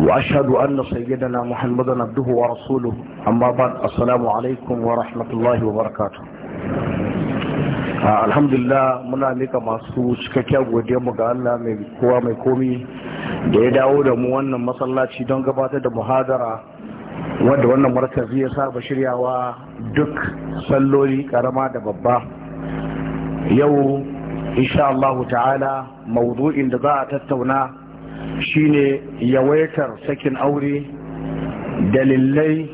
وأشهد أن سيدنا محمدا عبده ورسوله أما بعد السلام عليكم ورحمة الله وبركاته alhamdulillah muna mika masu cikakken godiya mu ga Allah mai kowa mai komi da ya dawo da mu wannan masallaci don gabatar da muhadara wanda wannan markazi ya saba shiryawa duk salloli karama da babba yau insha Allah ta'ala mawdu'in da za a tattauna shine yawaitar sakin aure dalilai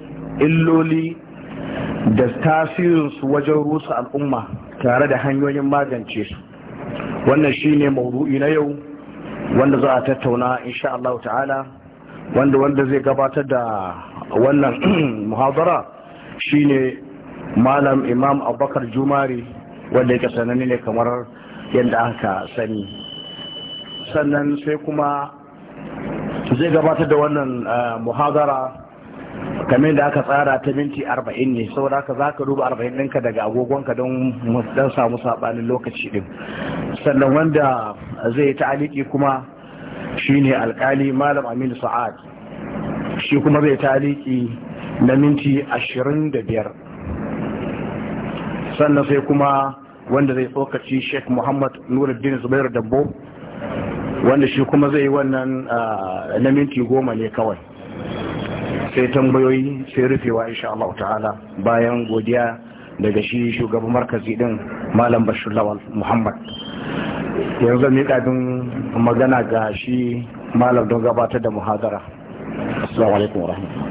illoli da tasirinsu wajen rusa al'umma tare da hanyoyin magance su wannan shine maudu'i na yau wanda za a tattauna insha Allah ta'ala wanda wanda zai gabatar da wannan shi shine malam imam abubakar jumari wanda yake sananne ne kamar yadda aka sani sannan sai kuma zai gabatar da wannan eh, muhazara kamar da aka tsara ta minti arba'in ne saboda haka za ka duba arba'in ɗinka daga agogonka don dan samu saɓanin lokaci ɗin sannan wanda zai ta aliki kuma shine alkali malam aminu sa'ad shi kuma zai ta aliki na minti ashirin da biyar sannan sai kuma wanda zai tsokaci sheikh muhammad nuruddin zubairu dambo wanda shi kuma zai wannan na minti goma ne kawai sai tambayoyi sai rufewa insha Allah ta'ala bayan godiya daga shi shugaban markazi din malam bashir lawal muhammad yanzu mai kafin magana ga shi malam don gabatar da muhadara assalamu alaikum wa rahmatullahi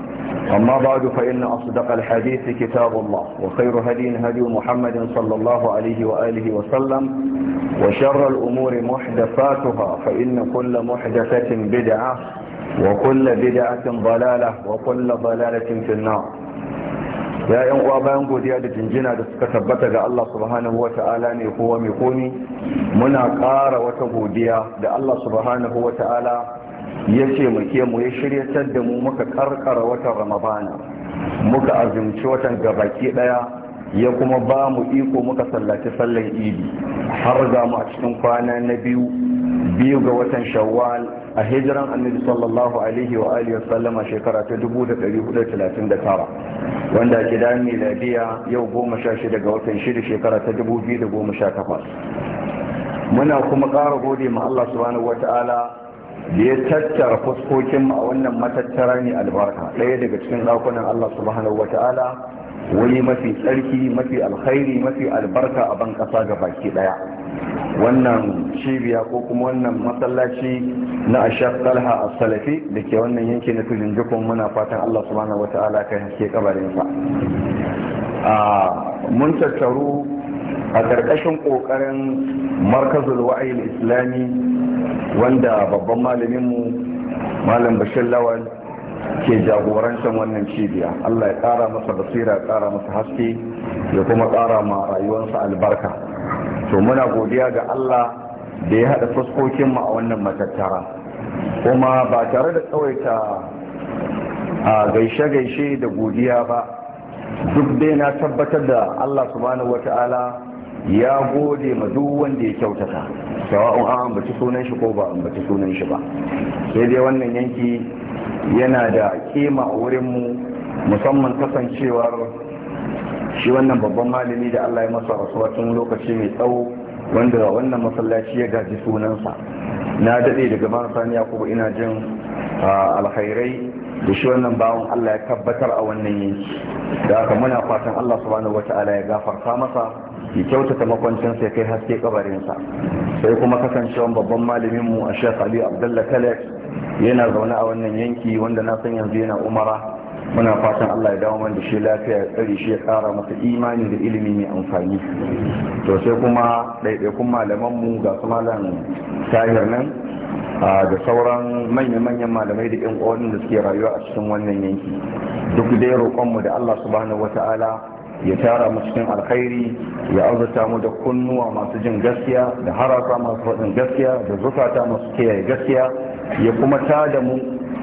أما بعد فإن أصدق الحديث كتاب الله وخير هدي هدي محمد صلى الله عليه وآله وسلم وشر الأمور محدثاتها فإن كل محدثة بدعة وكل بدعة ضلالة وكل ضلالة في النار ya yan uwa bayan godiya da jinjina da suka tabbata ga Allah subhanahu ta'ala ne kowa mai komi muna ƙara wata godiya da Allah subhanahu ta'ala ya muke mu ya shiryatar da mu muka karkara watan ramadana muka azumci watan gabaki daya ya kuma ba mu iko muka sallaci sallan idi har ga mu a cikin kwana na biyu biyu ga watan shawwal a hijiran annabi sallallahu alaihi wa alihi sallama shekara ta 1439 wanda ke da miladiya yau 16 ga watan 6 shekara ta 2018 muna kuma ƙara gode ma Allah subhanahu wata'ala da ya tattara fuskokin a wannan matattara ne albarka ɗaya daga cikin ɗakunan Allah subhanahu wa ta'ala wani mafi tsarki mafi alkhairi mafi albarka a ban ƙasa ga baki ɗaya wannan cibiya ko kuma wannan masallaci na ashar talha a salafi da ke wannan yanki na tujin jikun muna fatan Allah subhanahu wa ta'ala ka haske kabarinsa ah, mun tattaru a ƙarƙashin ƙoƙarin markazul wa'ayin islami wanda babban malaminmu malam bashir lawal ke jagorancin wannan cibiya allah ya ƙara masa basira ya ƙara masa haske ya kuma ƙara ma rayuwarsa albarka to muna godiya ga allah da ya haɗa fuskokinmu a wannan matattara kuma ba tare da tsawaita a gaishe-gaishe da godiya ba duk dai na tabbatar da Allah subhanahu wa ta'ala ya gode ma duk wanda ya kyautata sawa'un an ambaci sunan shi ko ba ambaci sunan shi ba sai dai wannan yanki yana da kima a wurin musamman kasancewar shi wannan babban malami da Allah ya masa rasuwa tun lokaci mai tsawo wanda wannan masallaci ya gaji sunansa na daɗe daga marasa ni ko ina jin ah, alkhairai da shi wannan bawan Allah ya tabbatar a wannan yanki da haka muna fatan Allah subhanahu ala ya gafarta masa ya kyautata makwancin ya kai haske kabarinsa sai kuma kasancewan babban malamin mu a Sheikh Ali Abdullah Kalek yana zaune a wannan yanki wanda na san yanzu yana umara muna fatan Allah ya dawo man da shi lafiya ya tsare shi ya kara masa imani da ilimi mai amfani to sai kuma ɗaiɗaikun malaman mu ga su malam tahir nan da sauran manya-manyan malamai da yan uwan da suke rayuwa a cikin wannan yanki duk da dai mu da Allah subhanahu wata'ala ya tara mu cikin alkhairi ya azurta mu da kunnuwa masu jin gaskiya da harasa masu faɗin gaskiya da zukata masu kiyaye gaskiya ya kuma ta da mu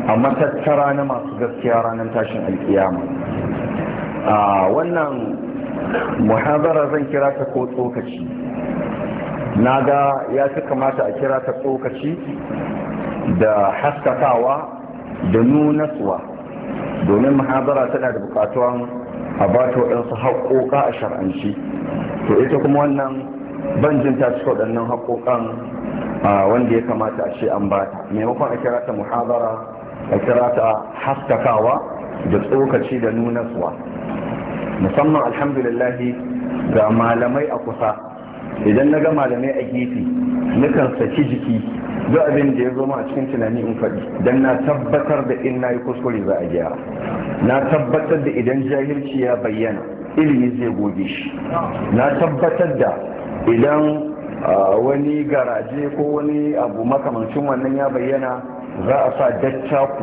a matattara na masu gaskiya ranar tashin alkiyama a wannan muhazara zan kira ta ko tsokaci na ga ya fi kamata a kira ta tsokaci da haskakawa da nunaswa domin muhabara tana da bukatuwan a ba ta waɗansu haƙoƙa a shar'anci to ita kuma wannan banjin ta cika waɗannan haƙoƙan wanda ya kamata a ce an ba ta maimakon a kira ta muhabara a kira ta haskakawa da tsokaci da nunaswa musamman alhamdulillahi ga malamai a kusa idan na ga malamai a gefe kan saki jiki duk abin da ya zo a cikin tunani in faɗi don na tabbatar da in na yi kuskure za a gyara na tabbatar da idan jahilci ya bayyana ilimi zai goge shi na tabbatar da idan wani garaje ko wani abu makamancin wannan ya bayyana za a sa dattaku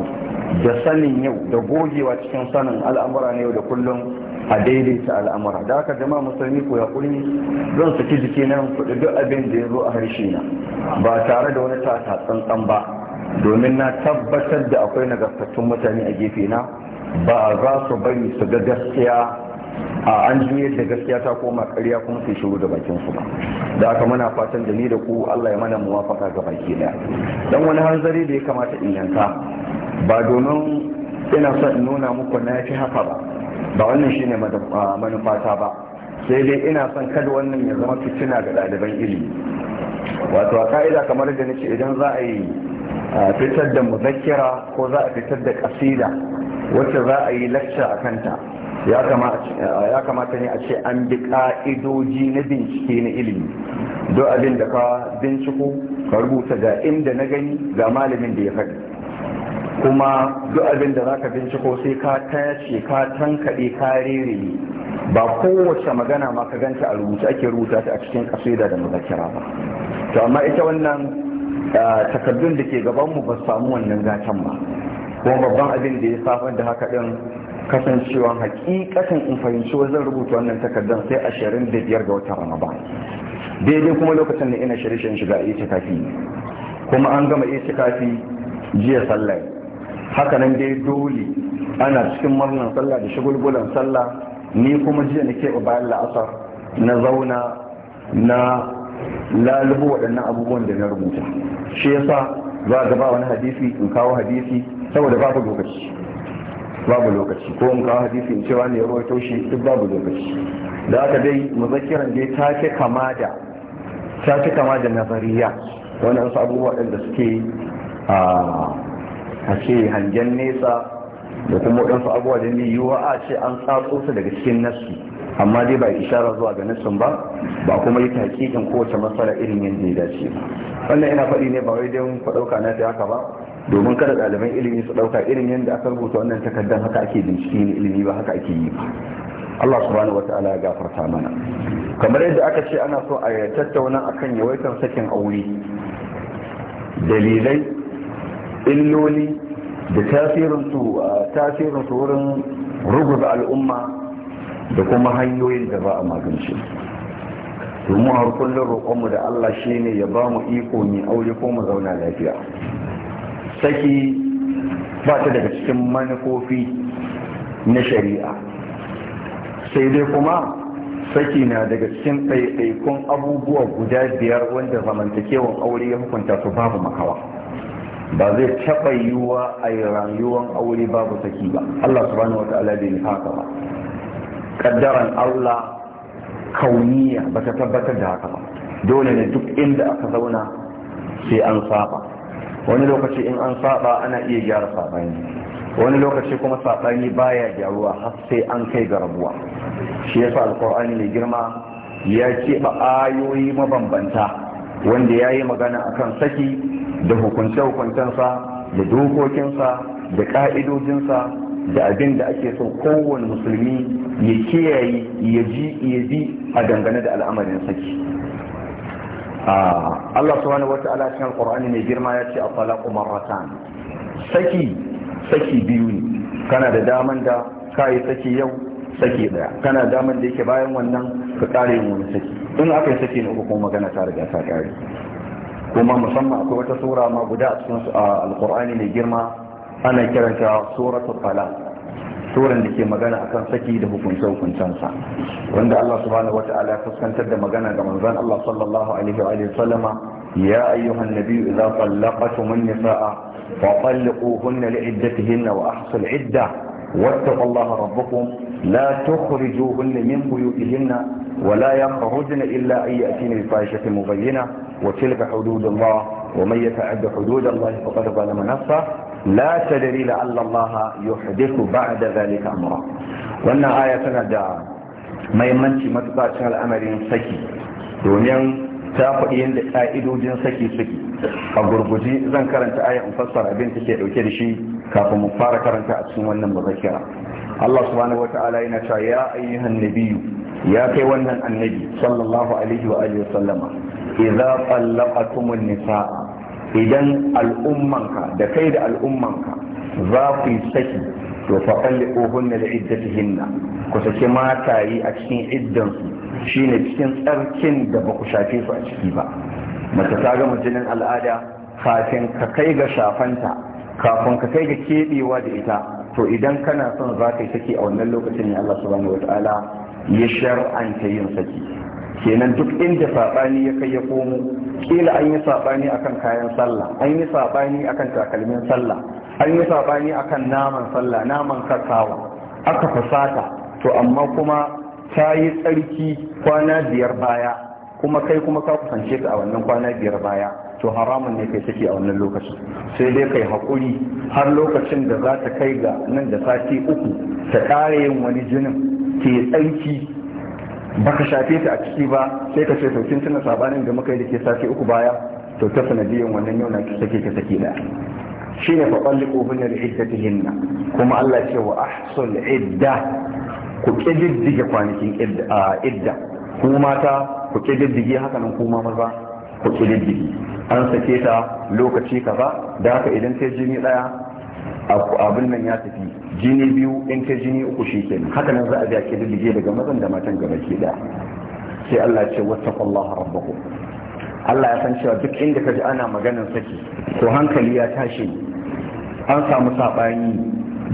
da sanin yau da gogewa cikin sanin al'amura na yau da kullum a daidaita al'amura da haka jama'a musulmi ko yakuri zan saki jiki na kuɗi duk abin da ya zo a harshe na ba tare da wani tata tsantsan ba domin na tabbatar da akwai nagartattun mutane a gefe na ba za su bari su ga gaskiya a an juyar da gaskiya ta koma ƙarya kuma sai shiru da bakin su ba da haka muna fatan da ni da ku Allah ya mana muwafaka ga baki daya dan wani hanzari da ya kamata in yanka ba domin ina son in nuna muku na fi haka ba ba wannan shine manufata ba sai dai ina son kada wannan ya zama fitina ga ɗaliban ilimi wato a ka'ida kamar da nace idan za a yi fitar da muzakkira ko za a fitar da ƙasida wacce za a yi lacca a kanta ya kamata ne a ce an bi ƙa'idoji na bincike na ilimi don abin da ka binciko ka rubuta ga inda na gani ga malamin da ya faɗi kuma duk abin da zaka binciko sai ka tace ka tankaɗe ka rere ba kowace magana ma ka ganta a rubuce ake rubuta ta a cikin kasida da muzakira ba to amma ita wannan takardun da ke gaban mu ba samu wannan gatan ba kuma babban abin da ya safar da haka din kasancewa hakikatan in fahimci wajen rubuta wannan takaddun sai ashirin da biyar ga watan ramadan daidai kuma lokacin da ina shirye shiga iya kuma an gama iya kafi jiya sallah haka nan dai dole ana cikin murnan sallah da shagulgulan sallah ni kuma jiya na keɓe bayan la'asar na zauna na lalubu waɗannan abubuwan da na rubuta shi yasa za ga ba wani hadisi in kawo hadisi saboda babu lokaci babu lokaci ko in kawo hadisi in cewa ne ruwa taushe duk babu lokaci da aka dai muzakiran dai ta fi kama da ta fi kama da nazariya wani abubuwa ɗin da suke a ah, a ce hangen nesa da kuma waɗansu abubuwa da yiwuwa a ce an tsatso su daga cikin nassi amma dai ba ishara zuwa ga nassin ba ba kuma yi hakikin kowace matsala irin yadda ya dace ba wannan ina faɗi ne ba wai don ku ɗauka na da haka ba domin kada ɗaliban ilimi su ɗauka irin yadda aka rubuta wannan takardar haka ake bincike ne ilimi ba haka ake yi ba Allah subhanahu wataala ya gafarta mana kamar yadda aka ce ana so a tattauna akan yawaitar sakin aure dalilai illoli da tasirinsu tasirinsu wurin ruguza al'umma da kuma hanyoyin da ba a magance domin har kullum roƙonmu da Allah shi ne ya ba mu iko ne aure ko mu zauna lafiya saki ba ta daga cikin manufofi na shari'a sai dai kuma saki na daga cikin ɗaiɗaikun abubuwa guda biyar wanda zamantakewan aure ya hukunta su babu makawa ba zai taɓa yiwuwa a yi rayuwan aure babu saki ba Allah subhanahu wata'ala bai nufa haka ba kaddaran Allah kauniya ba ta tabbatar da haka ba dole ne duk inda aka zauna sai an saba wani lokaci in an saba ana iya gyara sabani wani lokaci kuma sabani baya gyaruwa har sai an kai ga rabuwa shi yasa alqur'ani mai girma ya ce ba ayoyi mabambanta wanda ya yi magana akan saki da hukunce-hukuncensa da dokokinsa da ƙa'idodinsa, da abin da ake so kowane musulmi ya kiyaye ya ji ya bi a dangane da al'amarin saki ah, Allah subhanahu wa ta'ala cikin alqur'ani mai girma ya ce at marratan saki saki biyu ne kana da daman da kai saki yau saki daya kana da daman da yake bayan wannan ka kare wani saki in aka yi saki na uku kuma magana ta riga ta kare kuma musamman akwai wata sura ma guda a cikin alkur'ani mai girma ana kiranta suratul talaq suran da ke magana akan saki da hukunce hukuncensa wanda Allah subhanahu wata'ala ya fuskantar da magana ga manzon Allah sallallahu alaihi wa alihi sallama ya ayyuhan nabiyyu idza tallaqtum an-nisaa fa talliquhunna li'iddatihinna wa ahsul idda wattaqullaha rabbakum لا تخرجوهن من بيوتهن ولا يخرجن إلا أن يأتين بفاحشة مبينة وتلك حدود الله ومن يتعد حدود الله فقد ظلم نفسه لا تدري لعل الله يحدث بعد ذلك أمرا وأن آية تندى ما يمنشي متبع الأمر سكي دونيان ta faɗi yadda ƙa'idojin saki-saki a gurguji zan karanta aya in fassara abin take ɗauke da shi kafin mu fara karanta a cikin wannan mazakira Allah subhanahu wata'ala yana cewa ya ayyuhan nabiyyu ya kai wannan annabi sallallahu alaihi wa alihi sallama idza talaqatumun nisaa idan al'ummanka da kai da al'ummanka za ku yi saki to fa qalliquhunna li'iddatihinna ku saki yi a cikin su shine cikin tsarkin da ba ku shafe su a ciki ba mace ta gama jinin al'ada kafin ka kai ga shafanta kafin ka kai ga kebewa da ita to idan kana son za ka yi saki a wannan lokacin ne Allah subhanahu wa ta'ala ya shar'anta yin saki kenan duk inda sabani ya kai ya komo kila an yi sabani akan kayan sallah an yi sabani akan takalmin sallah an yi sabani akan naman sallah naman kakawa aka fasata to amma kuma ta yi tsarki kwana biyar baya kuma kai kuma ka kusance ta a wannan kwana biyar baya to haramun ne kai take a wannan lokacin sai dai kai hakuri har lokacin da za ta kai ga nan da sati uku ta ƙara yin wani jinin ke tsanki baka shafe ta a ciki ba sai ka ce saukin kin sabanin da muka yi da ke sati uku baya to ta sanadiyan wannan yau na ki sake ki sake da shine fa qalliqu hunna li iddatihinna kuma Allah ce wa ahsul idda ku kididdige kwanakin idda kuma mata ku kididdige haka nan kuma maza ku ƙididdi an sake ta lokaci ba da haka idan ta jini ɗaya abin nan ya tafi jini biyu in ta jini uku shi kenan haka nan za a biya ga daga mazan da matan gaba ke ɗaya sai Allah ya ce wattaqullaha rabbakum Allah ya san cewa duk inda ka ji ana maganin saki ko hankali ya tashi an samu saɓani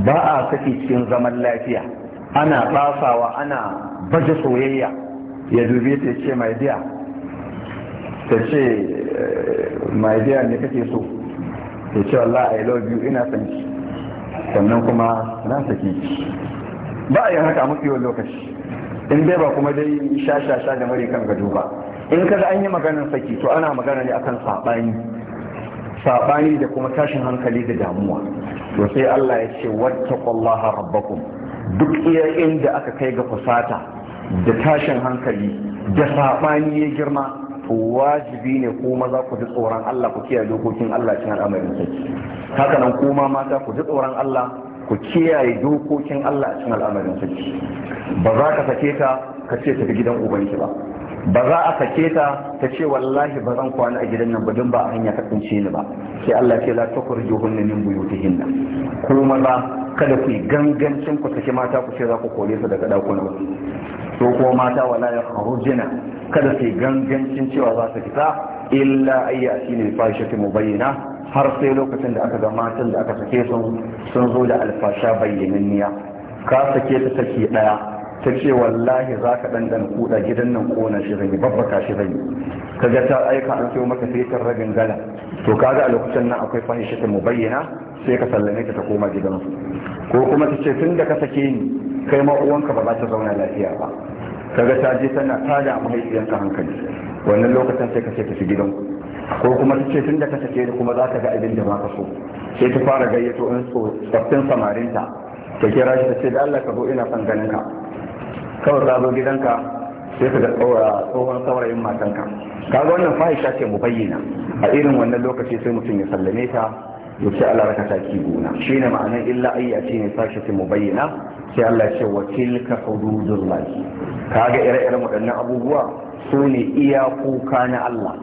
ba a saki cikin zaman lafiya ana tsasawa ana baje soyayya ya dube ta ce mai biya ta ce mai biya ne kake so ta ce Allah I love you ina san ki sannan kuma na saki ba a yi haka mafi yawan lokaci in dai ba kuma dai sha sha sha da mare kan gado ba in kaga an yi maganar saki to ana magana ne akan saɓani saɓani da kuma tashin hankali da damuwa to sai Allah ya ce wattaqullaha rabbakum duk iya inda aka kai ga fusata da tashin hankali da saɓani ya girma to wajibi ne kuma maza ku ji tsoron Allah ku kiyaye dokokin Allah cikin al'amarin sai haka nan kuma mata ku ji tsoron Allah ku kiyaye dokokin Allah cikin al'amarin sai ba za ka sake ta ka ce tafi gidan ubanki ba ba za a sake ta ta ce wallahi ba zan kwana a gidan nan ba ba a hanya ta kunce ni ba sai Allah ce la tukhrijuhun min buyutihin ku maza kada ku gangancin ku saki mata ku ce za ku kore su daga dakunan to ko mata wala ya kharujina kada su gangancin cewa za su fita illa ayyati lil fashati mubayyana har sai lokacin da aka ga matan da aka sake su sun zo da alfasha bayyananniya ka sake ta saki daya ta ce wallahi za ka ɗanɗan kuɗa gidan nan ƙona shi zanyi babbaka shi zanyi ka ga ta aika an sayo maka kan ragin gala to kaga a lokacin nan akwai shi ta mubayyana sai ka sallame ta ta koma gidansu ko kuma ta ce tun da ka sake ni kai ma uwanka ba za ta zauna lafiya ba ga ta je tana tada mahaifiyarka hankali wannan lokacin sai ka ce gidan gidanku ko kuma ta ce tun da ka sake ni kuma za ka ga abin da ba ka so sai ta fara gayyato in so tsaftin samarinta ta kira shi ta ce da Allah ka zo ina son ganin ka kawai ka zo gidanka sai ka ga tsohon saurayin matanka ga wannan fahisha ce mu bayyana a irin wannan lokaci sai mutum ya sallame ta ya ce Allah raka ta ki gona shi ne ma'anar illa ayya ce ne sashi mu bayyana sai Allah ce wa tilka Ka kaga ire-iren waɗannan abubuwa su ne kuka na Allah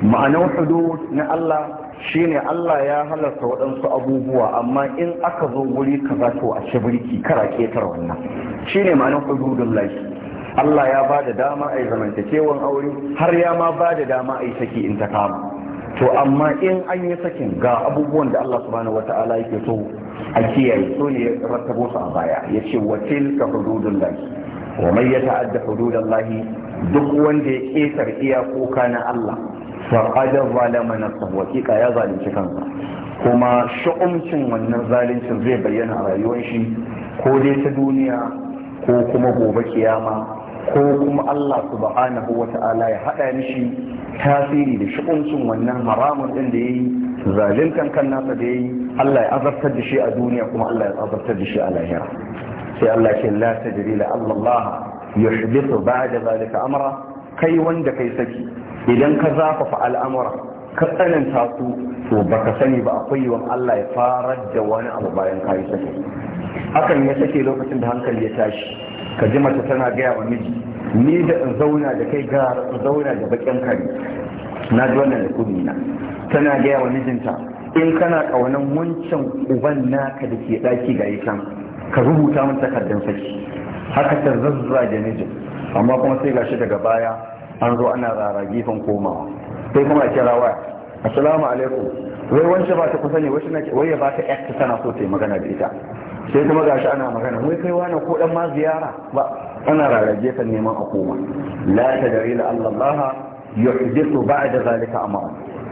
ma'anar hudud na Allah shine Allah ya halarta waɗansu abubuwa amma in aka zo wuri za to a ci birki kara ketar wannan shine ma'anar hududun lafi Allah ya ba da dama a yi zamantakewan aure har ya ma ba da dama a yi saki in ta kama to amma in an yi sakin ga abubuwan da Allah subhanahu wata'ala yake so a kiyaye so ne ya rattabo su a baya ya ce wa tilka hududun lahi wa ta'adda hududun duk wanda ya ƙetar iyakoka na Allah faƙad zalama nafsahu hakika ya zalunci kansa kuma sha'umcin wannan zaluncin zai bayyana a rayuwar shi ko dai ta duniya ko kuma gobe kiyama ko kuma Allah subhanahu wa ta'ala ya haɗa mishi tasiri da shi'uncin wannan haramun ɗin da ya yi kan nasa da ya yi Allah ya azabtar da shi a duniya kuma Allah ya azabtar da shi a lahira sai Allah ce la tajri la Allah yuhdithu ba'da zalika amra kai wanda kai saki idan ka zafafa al'amura ka tsananta su to baka sani ba akwai yiwuwar Allah ya fara da wani abu bayan kayi sake hakan ya sake lokacin da hankali ya tashi ka ji mace tana gaya wa miji ni da in zauna da kai ga zauna da bakin kare na ji wannan da kudi na tana gaya wa mijinta in kana kaunan wancan uban naka da ke daki ga can ka rubuta min takardar saki haka ta zazzage mijin amma kuma sai gashi daga baya an zo ana rara gefen komawa sai kuma a kira waya assalamu alaikum wai wancan ba ta kusa ne wai ya ba ta tana so ta yi magana da ita sai kuma gashi ana magana wai kai wani ko dan ma ziyara ba ana rara gefen neman a koma la ta dare da allallaha yuhdithu ba'da zalika amma,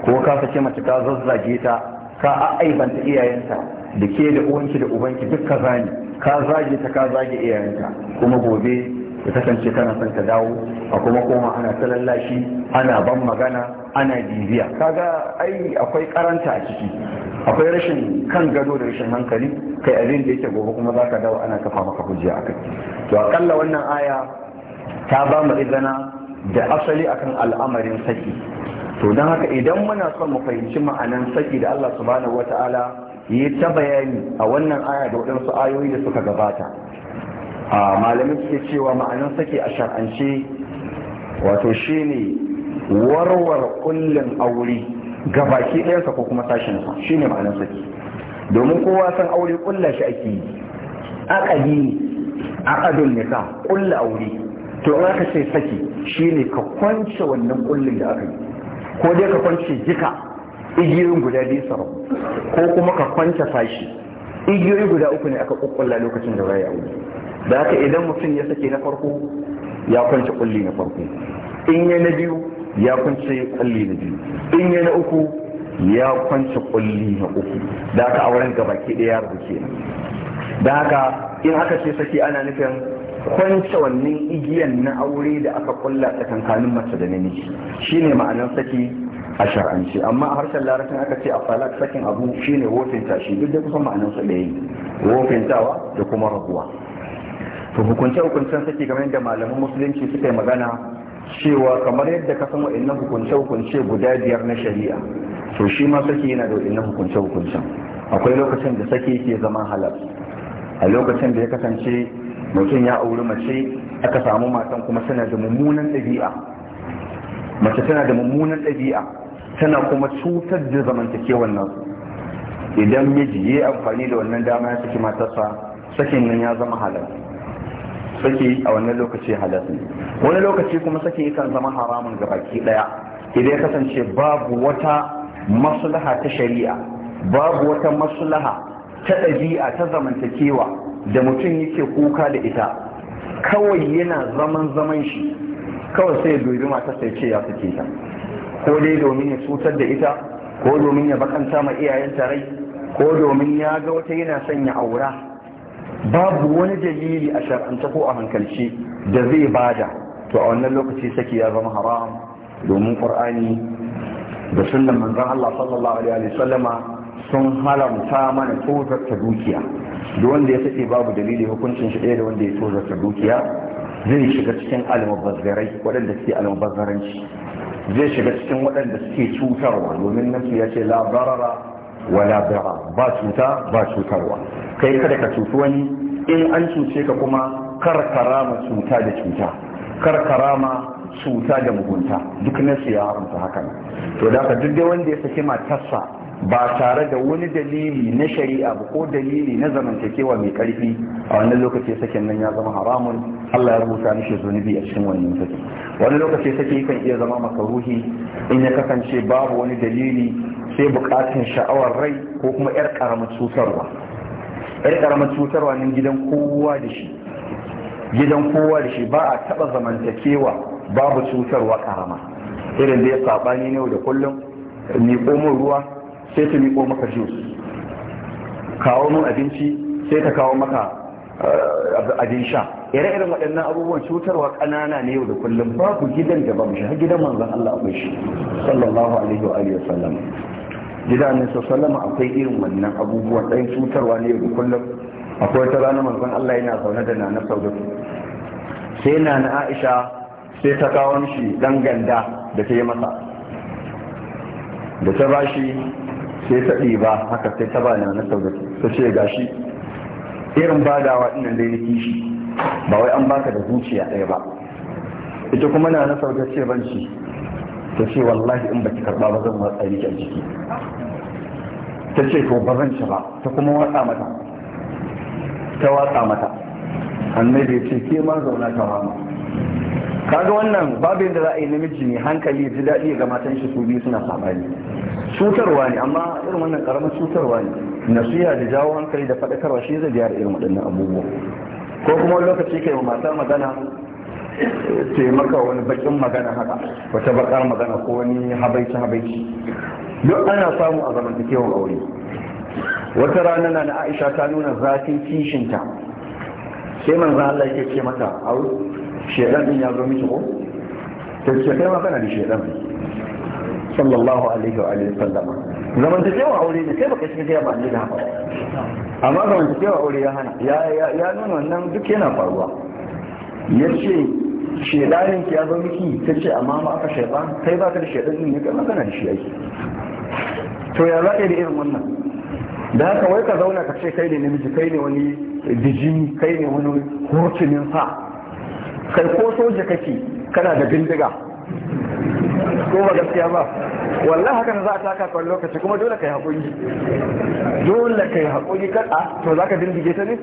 ko ka sake mace ka zazzage ta ka aibanta iyayenta da ke da uwanki da ubanki duk ka zani ka zage ta ka zage iyayenta kuma gobe ya kasance kana son ka dawo a kuma koma ana salon lashi ana ban magana ana bibiya kaga ai akwai karanta a ciki akwai rashin kan gado da rashin hankali kai abin da yake gobe kuma zaka dawo ana kafa maka hujja a kai to akalla wannan aya ta ba mu izana da asali akan al'amarin saki to don haka idan muna son mu fahimci ma'anan saki da Allah subhanahu wataala yi ta bayani a wannan aya da waɗansu ayoyi da suka gabata a malamin suke cewa ma'anin sake a sha'ance wato shine warwar kullin aure ga baki ɗayansa ko kuma sa, shine ma'anin sake domin kowa san aure kulla shi ake yi akadi ne akadun nika kulla aure to in aka ce sake shine ka kwance wannan kullin da aka yi ko dai ka kwance jika igiyoyin guda biyu sarau ko kuma ka kwance fashi igiyoyi guda uku ne aka kukkulla lokacin da yi aure da haka idan mutum ya sake na farko ya kwanci kulli na farko in ya na biyu ya kwanci kulli na biyu in ya na uku ya kwanci kulli na uku da haka a wurin gabaki ɗaya ya ke nan da haka in aka ce saki ana nufin kwanci wannan igiyan na aure da aka kulla tsakankanin mace da namiji shine ma'anar saki a shar'anci amma a harshen larabcin aka ce a falak sakin abu shine wofinta shi duk da kusan ma'anar su yi wofintawa da kuma rabuwa to hukunce hukuncen saki game da malaman musulunci suka yi magana cewa kamar yadda ka san wa'annan hukunce hukunce guda biyar na shari'a to shi ma saki yana da wa'annan hukunce hukuncen akwai lokacin da saki ke zama halal a lokacin da ya kasance mutum ya auri mace aka samu matan kuma suna da mummunan ɗabi'a mace tana da mummunan ɗabi'a tana kuma cutar da zamantakewar nan idan miji ya amfani da wannan dama ya saki matarsa sakin nan ya zama halal saki a wannan lokaci halas ne wani lokaci kuma saki kan zama haramun ga baki daya idan ya kasance babu wata maslaha ta shari'a babu wata maslaha ta ɗabi'a ta zamantakewa da mutum yake kuka da ita kawai yana zaman zaman shi kawai sai ya dubi mata sai ce ya suke ta ko dai domin ya cutar da ita ko domin ya bakanta ma iyayen rai ko domin ya ga wata yana son ya aura babu wani dalili a shar'anta ko a hankalci da zai bada to a wannan lokaci saki ya zama haram domin qur'ani da sunnan manzon Allah sallallahu alaihi wa sallama sun haramta mana ta dukiya duk wanda ya sake babu dalili hukuncin shi ɗaya da wanda ya ta dukiya zai shiga cikin almubazzarai waɗanda suke almubazzaranci zai shiga cikin waɗanda suke cutarwa domin nasu ya ce la barara wala dara ba cuta ba cutarwa kai kada ka cuci wani in an cuce ka kuma kar karama cuta da cuta kar karama cuta da mugunta duk na ya haramta hakan to da duk dai wanda ya saki matarsa ba tare da wani dalili na shari'a ba ko dalili na zamantakewa mai karfi a wannan lokaci sakin nan ya zama haramun Allah ya rubuta mishi zunubi a cikin wannan saki wani lokaci saki kan iya zama makaruhi in ya kasance babu wani dalili sai bukatun sha'awar rai ko kuma 'yar karamar cutarwa 'yar karamar cutarwa nan gidan kowa da shi gidan kowa da shi ba a taba zamantakewa babu cutarwa karama irin da ya sabani ne da kullum miƙo min ruwa sai ta miƙo maka jus kawo min abinci sai ta kawo maka eh, abin sha ire irin waɗannan abubuwan cutarwa ƙanana ne yau da kullum babu gidan da babu shi har gidan manzon Allah akwai shi sallallahu alaihi wa alihi wa sallam gida ne sallama akwai irin wannan abubuwa ɗayan cutarwa ne da kullum akwai ta ranar manzon Allah yana zaune da nana saudatu sai nana Aisha sai ta kawo shi dan ganda da ta yi masa da ta ba shi sai ta ɗiba haka sai ta ba nana saudatu ta ce gashi irin badawa nan dai na shi ba wai an baka da zuciya ɗaya ba ita kuma nana saudatu ce ban shi ta ce wallahi in baki karba ba zan watsa rike a jiki ta ce to ba zan ci ba ta kuma watsa mata ta watsa mata annabi ya ce ke ma zauna ta rama kaga wannan babin da za a yi namiji ne hankali ya ji daɗi ga matan shi su biyu suna sabani cutarwa ne amma irin wannan karamar cutarwa ne nasiha da jawo hankali da faɗakarwa shi zai biya da irin waɗannan abubuwa ko kuma lokaci kai wa mata magana ce maka wani bakin magana haka wata bakar magana ko wani habaici habaici duk ana samu a zamantakewan aure wata rana na aisha ta nuna zafin kishinta sai manzo Allah yake ce mata au shedan din ya zo miki ko ta ce kai ma kana da shedan sallallahu alaihi wa alihi sallama zamantakewa aure ne sai baka shiga ba ni da haka amma zamantakewa aure ya hana ya ya nuna wannan duk yana faruwa yace shedanin ya zo miki ta ce amma ma aka shaidan kai ba ka da shaidan ne kai magana da shi ake to ya za ka yi da irin wannan da haka wai ka zauna ka ce kai ne namiji kai ne wani bijimi kai ne wani hurtunin sa kai ko soja kake kana da bindiga ko ba gaskiya ba wallah haka za a taka ka lokaci kuma dole ka yi haƙuri dole ka yi ka a ah, to za ka dindige ta ne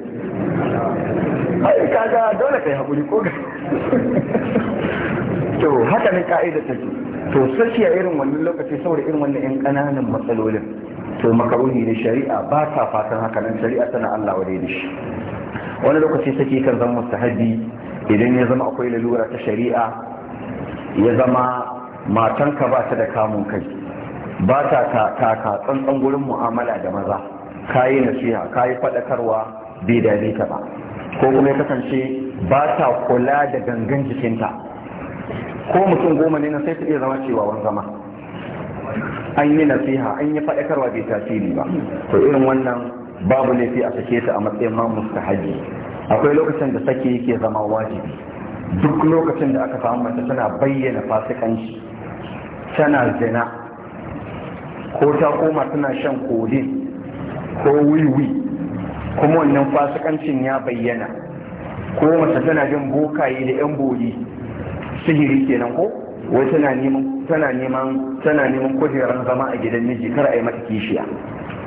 ka ga dole yi haƙuri ko ga to haka ne ka'ida ce to sashi a irin wannan lokaci saboda irin wannan yan ƙananan matsalolin to makaruni ne shari'a ba ta fatan haka nan shari'a tana Allah wa da shi wani lokaci saki kan zama mustahabi idan ya zama akwai lalura ta shari'a ya zama matanka ba ta da kamun kai ba ta taka tsantsan gurin mu'amala da maza Ka yi nasiha ka kayi faɗakarwa bai dame ta ba ko kuma ya kasance ba ta kula da gangan jikinta ko mutum goma ne na sai ta iya zama cewa wani zama an yi nasiha an yi faɗakarwa bai tasiri ba to irin wannan babu laifi a sake ta a matsayin ma mustahaji akwai lokacin da sake yake zama wajibi duk lokacin da aka samu mace tana bayyana fasikanci tana zina ko ta koma tana shan kodin ko wiwi kuma wannan fasikancin ya bayyana ko mace tana jin bokaye da yan boyi sihiri kenan ko wai tana neman tana neman tana neman kujerar zama a gidan miji kar a yi mata kishiya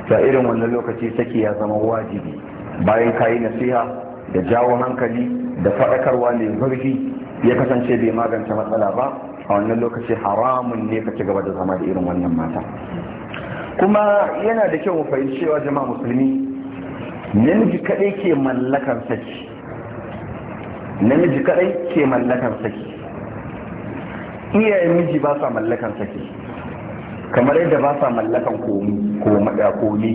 ta irin wannan lokaci saki ya zama wajibi bayan kayi nasiha da jawo hankali da faɗakarwa mai zurfi ya kasance bai magance matsala ba a wannan lokaci haramun ne ka ci gaba da zama da irin wannan mata kuma yana da kyau mu fahimci cewa jama'a musulmi namiji kadai ke mallakar saki namiji kadai ke mallakar saki iyayen miji ba sa mallakar saki kamar yadda ba sa mallakan komi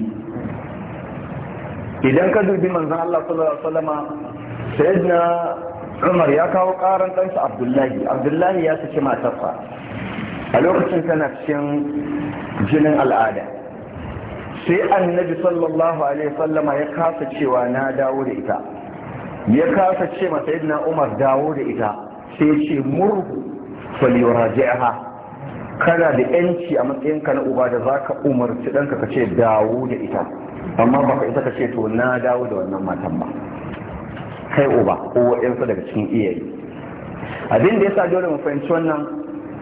idan ka dubi manzan Allah sallallahu alaihi wasallama sayyidina umar ya kawo karan ɗansa abdullahi abdullahi ya saki matarsa a lokacin tana cikin jinin al'ada sai annabi sallallahu alaihi sallama ya kasa cewa na dawo da ita ya kasa ce masa yadda umar dawo da ita sai ce murhu faliyuraji'aha kana da yanci a matsayinka na uba da za ka umarci ɗanka ka ce dawo da ita amma baka ita ka ce to na dawo da wannan matan ba kai uba ko yansu daga cikin iyayi abin da ya sa dole mu fahimci wannan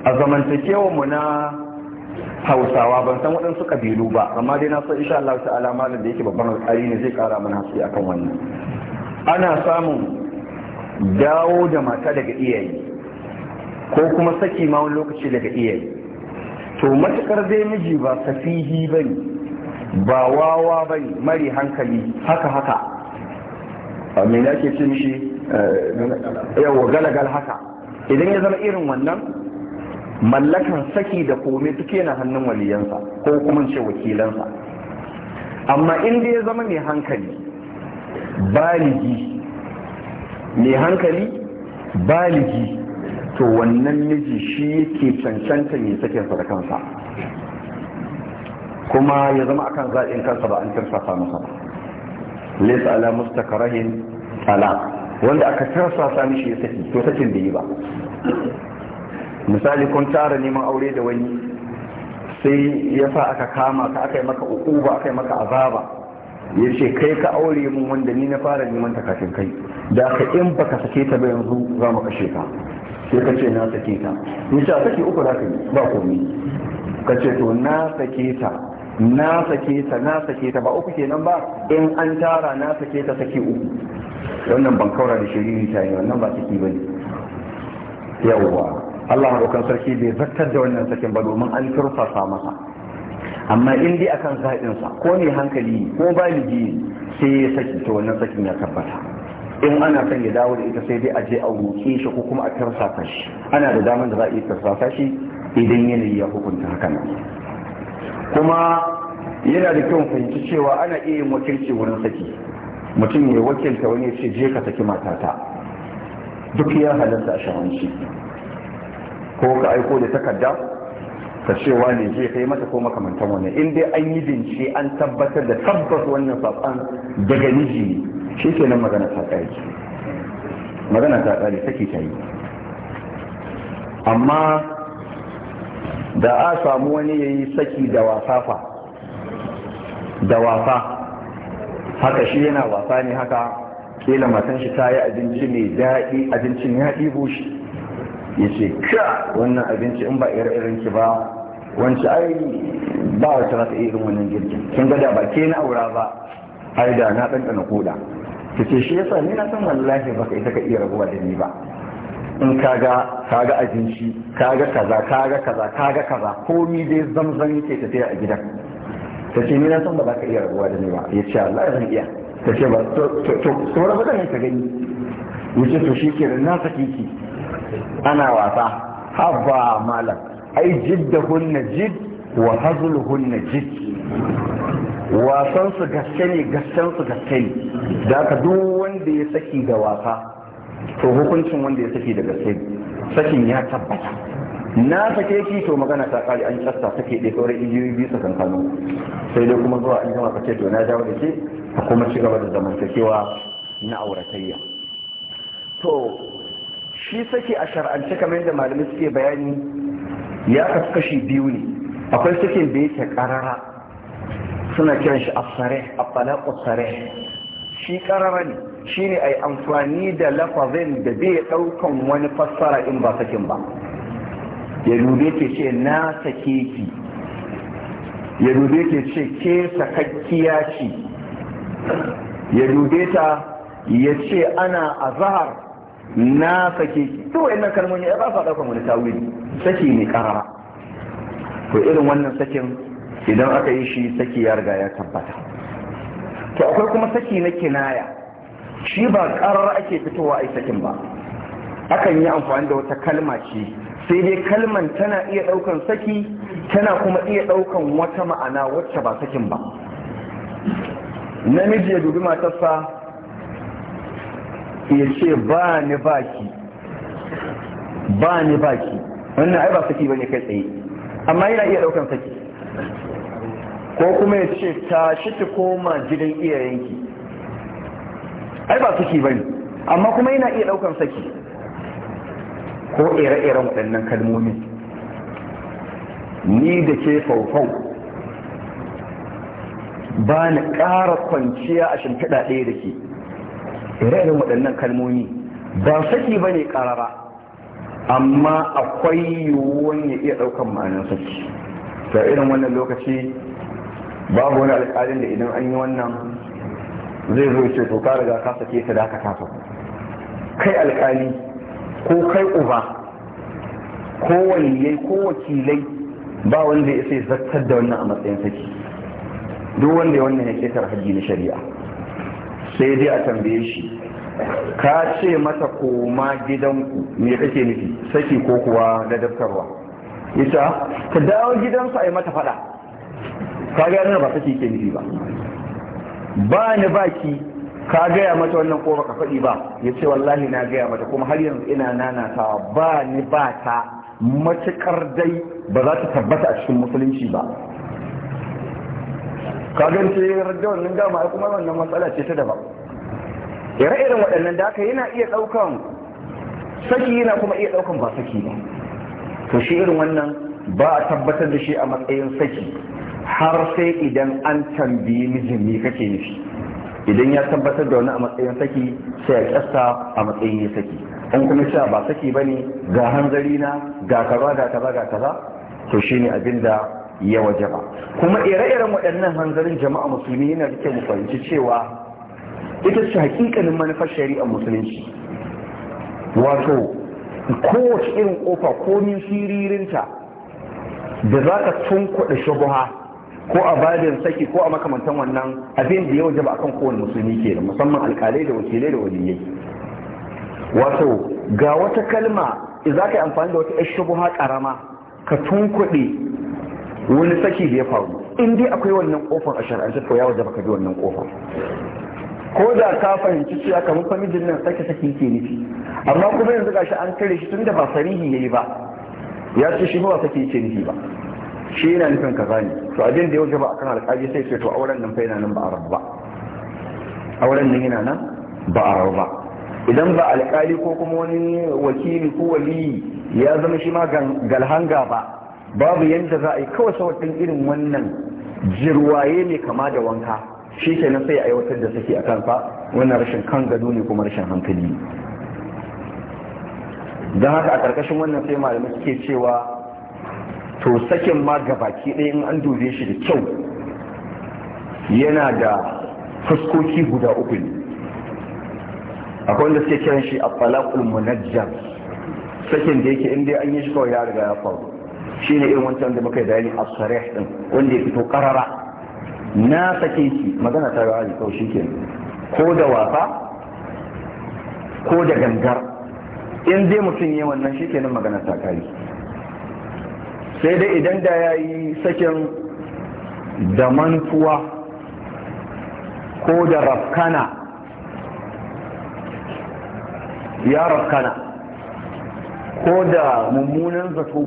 a zamantakewar mu na hausawa ban san waɗansu kabilu ba amma dai na san insha Allah ta'ala malam da yake babban alƙari ne zai ƙara mana haske akan wannan ana samun dawo da mata daga iyayi ko kuma saki ma wani lokaci daga iyayi to matukar dai miji ba safihi bane ba wawa bane mari hankali haka haka mai na ke ce mishi eh, yawa galagal haka idan ya zama irin wannan mallakan saki da komai duk yana hannun waliyansa ko kuma ce wakilansa amma in ya zama mai hankali baligi mai hankali baligi to wannan miji shi yake cancanta mai sakinsa da kansa kuma ya zama akan zaɓin kansa ba an kirsa masa ba laysa ala mustakarahin talaq wanda aka tarsa sami shi ya saki to sakin da yi ba misali kun tara neman aure da wani sai ya sa aka kama ka aka yi maka ukuba aka yi maka azaba ya ce kai ka aure mun wanda ni na fara neman ta kafin kai da aka in baka sake ta ba yanzu za mu kashe ka sai ka ce na sake ta in sha sake uku za ka yi ba komi ka ce to na sake ta na sake ta na sake ta ba uku kenan ba in an tara na sake ta sake uku wannan ban kaura da shiriri ta yi wannan ba ciki ba ne yawwa Allah maɗaukan sarki bai zartar da wannan sakin ba domin an turfasa masa amma in dai akan zaɓinsa ko ne hankali ko ba ni ji sai ya saki to wannan sakin ya tabbata in ana son ya dawo da ita sai dai a je a roƙe shi ko kuma a tarsasa shi ana da damar da za a iya tarsasa shi idan yanayi ya hukunta haka nan kuma yana da kyau fahimci cewa ana iya yin wakilci wurin saki mutum ya wakilta wani ya ce je ka saki matata duk ya halarta a shawanci ko ka aiko da takarda ka cewa ne je kai mata ko makamantar wannan in dai an yi bincike an tabbatar da tabbas wannan saƙon daga miji ne shi ke nan magana ta ƙari magana ta ƙari saki ta yi amma da a samu wani ya yi saki da wasa fa da wasa haka shi yana wasa ne haka kila matan shi ta yi abinci mai daɗi abincin ya ɗibo shi ya ce ka wannan abinci in ba irin ki ba wanci ai ba wata za irin wannan girkin kin ga da ba ke na aura ba ai da na ɗanɗana koda ta ce shi yasa ni na san wallahi ba ka ita ka iya rabuwa da ni ba in kaga kaga abinci kaga kaza kaga kaza kaga kaza komi dai zamzam yake tafiya a gidan ta ce ni na san ba za ka iya rabuwa da ni ba ya ce Allah zan iya ta ce ba to sauran ba ka gani wuce to shi ke na saki ki ana wasa haba malam ai jidda hunna jid wa hazul hunna jid wasan su gaske ne gasken su gaske ne da ka duk wanda ya saki da wasa to hukuncin wanda ya saki daga sai sakin ya tabbata na sake shi to magana ta kare an kasta take da sauran injiyoyi biyu sakan kano sai dai kuma zuwa an gama kace to na dawo da ke a kuma ci gaba da zamantakewa na auratayya to shi sake a shar'ance kamar yadda malamai suke bayani ya kasu kashi biyu ne akwai sakin da yake karara suna kiran shi afsare afala sare shi karara ne shine ai amfani da lafazin da bai daukan wani fassara in ba sakin ba ya dube ke ce na sake ki ya dube ke ce ke sakakkiya ce ya dube ta ya ce ana azhar na sake ki to wayannan kalmomi ba sa daukan wani tawili saki ne karara to irin wannan sakin idan aka yi shi saki ya riga ya tabbata to akwai kuma saki na kinaya shi ba karar ake fitowa a sakin ba akan yi amfani da wata kalma ce sai dai kalman tana iya daukan saki tana kuma iya daukan wata ma'ana wacce ba sakin ba namiji ya dubi matarsa ya ce ba ni baki ba ni baki wannan ai ba saki bane kai tsaye amma yana iya daukan saki ko kuma ya ce tashi ta koma gidan iyayenki ai ba saki bane amma kuma yana iya daukan saki ko ire-iren waɗannan kalmomi ni da ke faufau ba na ƙara kwanciya a shimfiɗa ɗaya da ke ire-iren waɗannan kalmomi ba saki ba ne ƙarara amma akwai yiwuwan ya iya ɗaukan ma'anin saki da irin wannan lokaci babu wani alƙalin da idan an yi wannan zai zo ce to ka riga ka sake ta da ka taso kai alƙali ko kai uba ko waliyai ko wakilai ba wanda ya sai zartar da wannan a matsayin saki duk wanda ya wannan ya ketar hajji na shari'a sai dai a tambaye shi ka ce mata koma gidanku me kake nufi saki ko kuwa da daftarwa ita ah, ta dawo gidansa a yi mata fada ka gane ba saki ke nufi ba ba ni ba ka gaya mata wannan ko baka faɗi ba ya ce wallahi na gaya mata kuma har yanzu ina nanatawa ba ni ba ta matukar dai ba za ta tabbata a cikin musulunci ba ka gan ce da wannan dama kuma wannan matsala ce ta daban ire-iren waɗannan da aka yana iya ɗaukan saki yana kuma iya ɗaukan ba saki ba to shi irin wannan ba a tabbatar da shi a matsayin saki har sai idan an tambayi mijin me kake nufi idan ya tabbatar da wani a matsayin saki sai ya kyasta a matsayin ya saki in kuma cewa ba saki ba ne ga hanzari na ga kaza ga kaza ga kaza to shine abin da ya waje ba. kuma ire-iren waɗannan hanzarin jama'a musulmi yana da kyau mu fahimci cewa ita ce hakikanin manufar shari'ar musulunci wato kowace irin kofa ko min siririnta da za ka tunkuɗa shubuha ko a babin saki ko a makamantan wannan abin da ya waje ba akan kowane musulmi ke da musamman alkalai da wakilai da waliyai wato ga wata kalma za ka yi amfani da wata yar shubuha karama ka tunkuɗe wani saki da ya faru in dai akwai wannan kofar a shari'ar ko ya waje ka bi wannan kofar ko da ka fahimci cewa kamar famijin nan sake saki ke nufi amma kuma yanzu gashi an kare shi tun da ba sarihi yayi ba ya ce shi ba sake ke nufi ba shi yana nufin kaza ne to abin da ya wuce ba akan alƙali sai ce to auren nan fa yana nan ba a rabu ba auren nan yana nan ba a rabu ba idan ba alƙali ko kuma wani wakili ko wali ya zama shi ma galhanga ba babu yadda za a yi kawai sautin irin wannan jirwaye mai kama da wanka shi nan sai a aiwatar da saki a kansa wannan rashin kan gado ne kuma rashin hankali don haka a ƙarƙashin wannan sai malamai suke cewa to sakin ma gabaki ɗaya in an dube shi da kyau yana da fuskoki guda uku ne akwai wanda suke kiran shi a falakul munajjam sakin da yake inda an yi shi kawai ya riga ya faru shi ne irin wancan da muka yi bayani a sarih din wanda ya fito karara na sake shi magana ta rawa ne kawai shi ke ko da wasa ko da gangar in dai mutum yi wannan shi kenan magana ta kari sai dai idan da ya yi sakin da mantuwa ko da rafkana ya rafkana ko da mummunan zato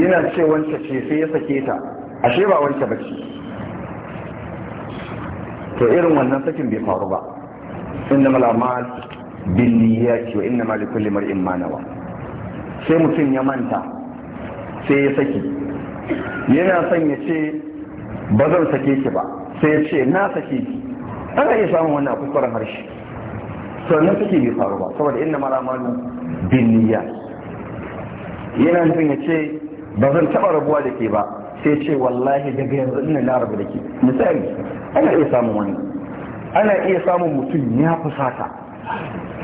yana ce wance ce sai ya sake ta ashe ba wance bace to irin wannan sakin bai faru ba inda malamal bin niyyati wa inna ma mar'in sai mutum ya manta sai ya saki yana son ya ce ba zan sake ki ba sai ya ce na sake ki ana iya samun wannan akwai kuskuren harshe sannan sake bai faru ba saboda inna mara malu bin niyya yana nufin ya ce ba zan taɓa rabuwa da ke ba sai ce wallahi daga yanzu ina na rabu da ke misali ana iya samun wani ana iya samun mutum ya fusata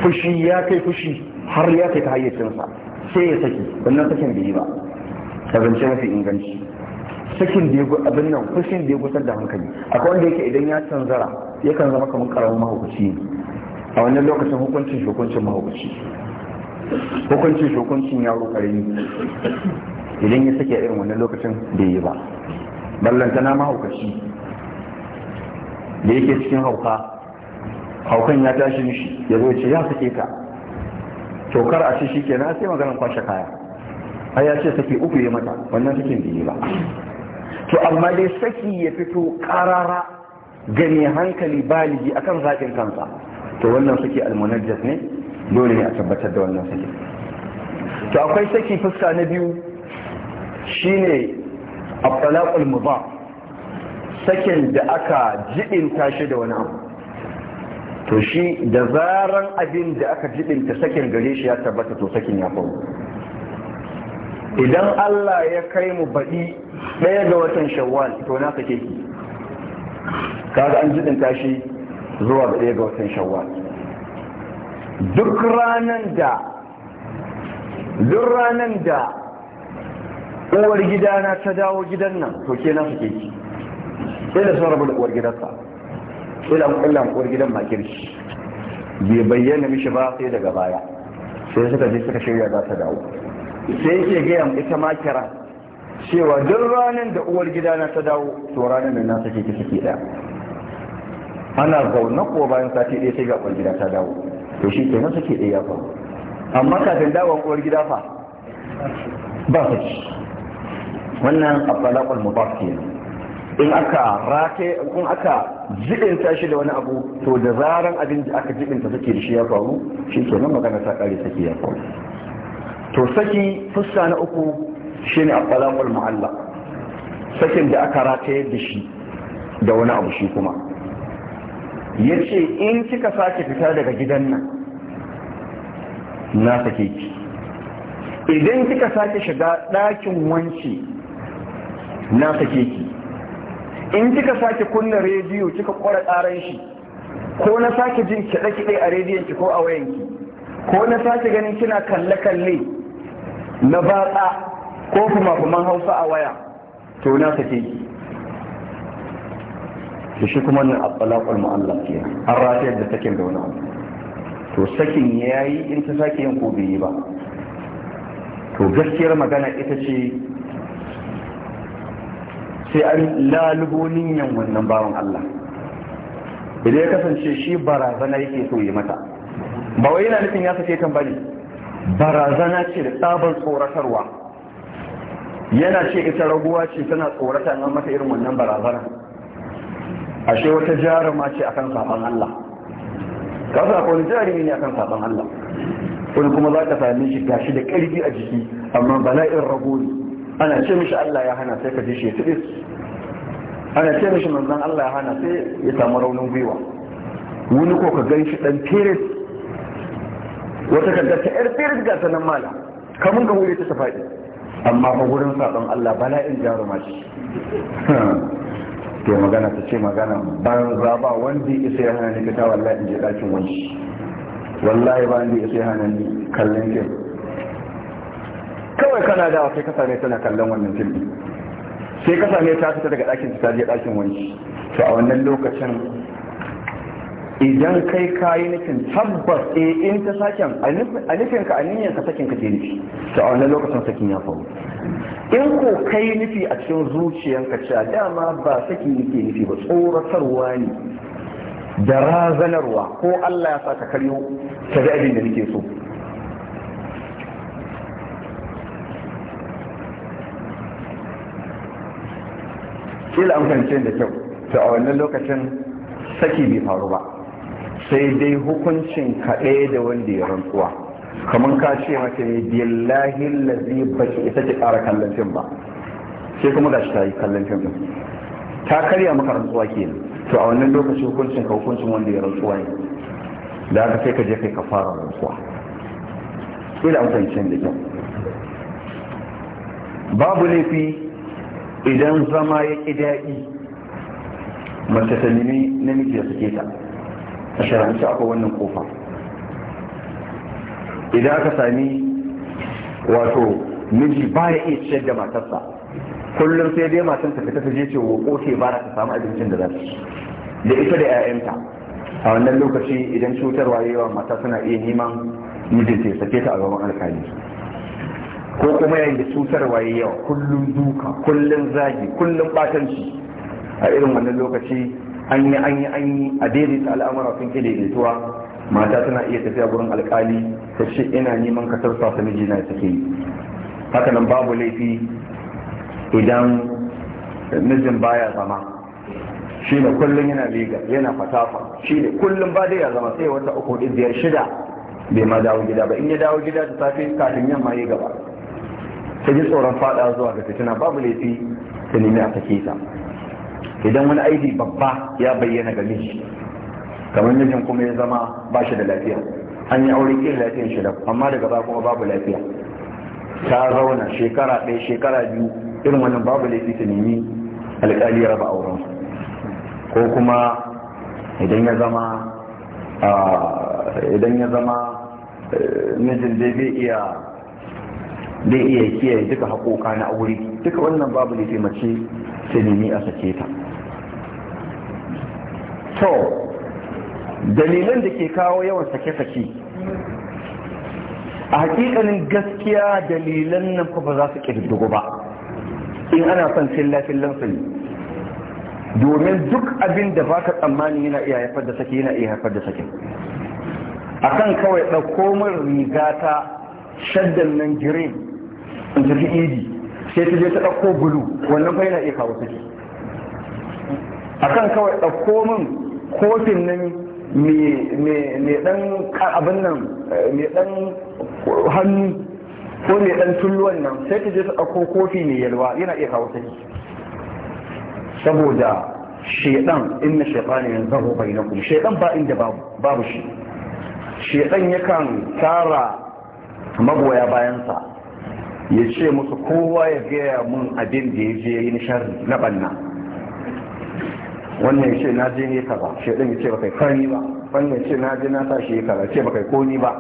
fushi ya kai fushi har ya kai ta hayyacinsa sai ya saki wannan sakin bai yi ba ta zance mafi inganci sakin da ya abin nan fushin da ya gusar da hankali akwai wanda yake idan ya canzara yakan zama kamar karamin mahaukaci ne a wannan lokacin hukuncin shi hukuncin mahaukaci hukuncin shi ya yaro ne, idan ya sake irin wannan lokacin bai yi ba ballantana mahaukaci da yake cikin hauka haukan ya tashi mishi ya zo ce ya sake ka tokar a ce shi kenan sai maganar kwashe kaya ai ya ce saki uku ya mata wannan sakin biyu ba to amma dai saki ya fito karara gani hankali baligi akan zaƙin kansa to wannan saki almunajjas ne dole ne a tabbatar da wannan saki to akwai saki fuska na biyu shine abdalakul ba sakin da aka jibinta shi da wani abu to shi da zaran abin da aka jiɗinta sakin gare shi ya tabbata to sakin ya faru idan Allah ya kai mu baɗi ɗaya ga watan shawwal to na sake ki kaga an jibinta shi zuwa ɗaya ga watan shawwal duk ranan da duk ranan da uwar gidana ta dawo gidan nan to ke na sake ki sai da sun rabu da uwar gidansa dole an kulla gidan makirci bai bayyana mishi ba sai daga baya sai suka je suka shirya za ta dawo sai yake gaya ita ma kira cewa duk ranar da uwar gidana ta dawo to ranar da na sake ki sake ɗaya ana zaune ko bayan sati ɗaya sai ga uwar gida ta dawo to shi ke nan sake ɗaya fa amma kafin dawon uwar gida fa ba ci. wannan abdalakul mubaf ke in aka rake in aka jibinta shi da wani abu to da zaran abin da aka jibinta suke da shi ya faru shi ke nan magana ta kare sake ya faru to saki fuska na uku shi ne akwalakul ma'alla sakin da aka ratayar da shi da wani abu shi kuma ya ce in kika sake fita daga gidan nan na sake ki idan kika sake shiga dakin wanci na sake ki in kika sake kunna rediyo kika kwara karan shi ko na sake jin kiɗe-kiɗe a rediyon ki ko a wayanki ko na sake ganin kina kalle-kalle na batsa ko kuma hausa a waya to na sake ki da shi kuma nan abbalakul mu'allaf ke an ratayar da sakin da wani abu to sakin ya yi in ta sake yin ko bai yi ba to gaskiyar magana ita ce sai an lalubo niyan wannan bawan Allah idan ya kasance shi barazana yake so yi mata ba wai yana nufin ya sake kan bane barazana ce da tsabar tsoratarwa yana ce ita raguwa ce tana tsorata an mata irin wannan barazana ashe wata jarumma ce akan saban Allah kasa akwai wani jarumi ne akan saban Allah wani kuma za ka same shi gashi da ƙarfi a jiki amma bala'in rago ne ana ce mishi Allah ya hana sai ka ji shi ya tilis ana ce mishi manzan Allah ya hana sai ya samu raunin gwiwa wani ko ka gan shi dan tiris wata ka ta yar tiris ga ta nan mala kamun ka wuri ta ta faɗi amma ba wurin saɓon Allah bala'in ma shi ke magana ta ce magana za ba wanda isa ya hana ni fita wallahi in je ɗakin wani wallahi ba wanda isa ya hana ni kallon fim kawai kana dawa sai ka same tana kallon wannan filmi sai ka same ta fita daga ɗakin ta je ɗakin wani to a wannan lokacin idan kai kayi nufin tabbas eh in ta sakin a nufin ka a niyyar ka sakin ka ke nufi to a wannan lokacin sakin ya faru in ko kai nufi a cikin zuciyanka cewa dama ba saki yake nufi ba tsoratarwa ne da razanarwa ko Allah ya sa ka karyo ta ga abin da nake so kila an fahimce da kyau to a wannan lokacin saki bai faru ba sai dai hukuncin kaɗai da wanda ya rantsuwa kamar ka ce mata ne billahi lazi ba ki ita ki ƙara kallon fim ba sai kuma shi ta yi kallon fim ɗin. ta karya maka rantsuwa kenan to a wannan lokacin hukuncin ka hukuncin wanda ya rantsuwa ne da aka sai ka je kai ka fara rantsuwa sai da amfancin da kyau babu laifi idan zama ya ƙi daɗi mace ta nemi namiji da suke ta a shahararci akwai wannan kofa idan aka sami wato miji ba ya iya ciyar da matarsa kullum sai dai matan ta ta je ce ko ce ba ta samu abincin da za su da ita da 'ya'yanta a wannan lokaci idan cutarwa yawa mata suna iya neman mijin ya sake ta a gaban alkali ko kuma yayin da cutar waye yawa kullum duka kullum zagi kullum batanci a irin wannan lokaci an yi an yi an yi a daidaita al'amura sun ke daidaituwa mata tana iya tafiya gurin alkali ta ce ina neman ka tarsa mijina na take yi haka nan babu laifi idan mijin baya zama shi ne kullum yana liga yana fatafa shi ne kullum ba dai ya zama sai wata uku biyar shida bai ma dawo gida ba in ya dawo gida da safe kafin yamma ya gaba ta ji tsoron fada zuwa ga fitina babu laifi ta nemi a sake ta idan wani aidi babba ya bayyana ga miji kamar mijin kuma ya zama ba shi da lafiya an yi aure kin lafiyar shi da amma daga ba kuma babu lafiya ta zauna shekara ɗaya shekara biyu irin wannan babu laifi ta nemi alƙali ya raba auren ko kuma idan ya zama ah, idan ya zama eh, mijin zai iya zai iya kiyaye duka haƙoƙa na aure duka wannan babu ne mace ta nemi a sake ta to dalilan da ke kawo yawan sake-sake a hakikanin gaskiya dalilan nan ba za su ƙirƙiru ba in ana son fillafillan su domin duk abin da baka tsammani yana iya haifar da sake yana iya haifar da sake akan kawai ɗauko min rigata shaddan nan jirin. in tafi idi sai ta je ta ɗauko bulu wannan fa yana iya kawo saki akan kawai ɗauko min kofin nan mai ɗan abin nan eh, mai ɗan hannu ko mai ɗan tulluwan nan sai ta je ta ɗauko kofi mai yalwa yana iya kawo saki saboda shaidan inna shaitani yanzahu bainakum shaidan ba inda babu shi shaidan yakan tara magoya bayansa ya ce musu kowa ya gaya mun abin da ya je yi nishar na banna wannan ya ce na je ne kaza shi ya ce baka kani ba wannan ya ce na je na sa shi kaza ce baka koni ba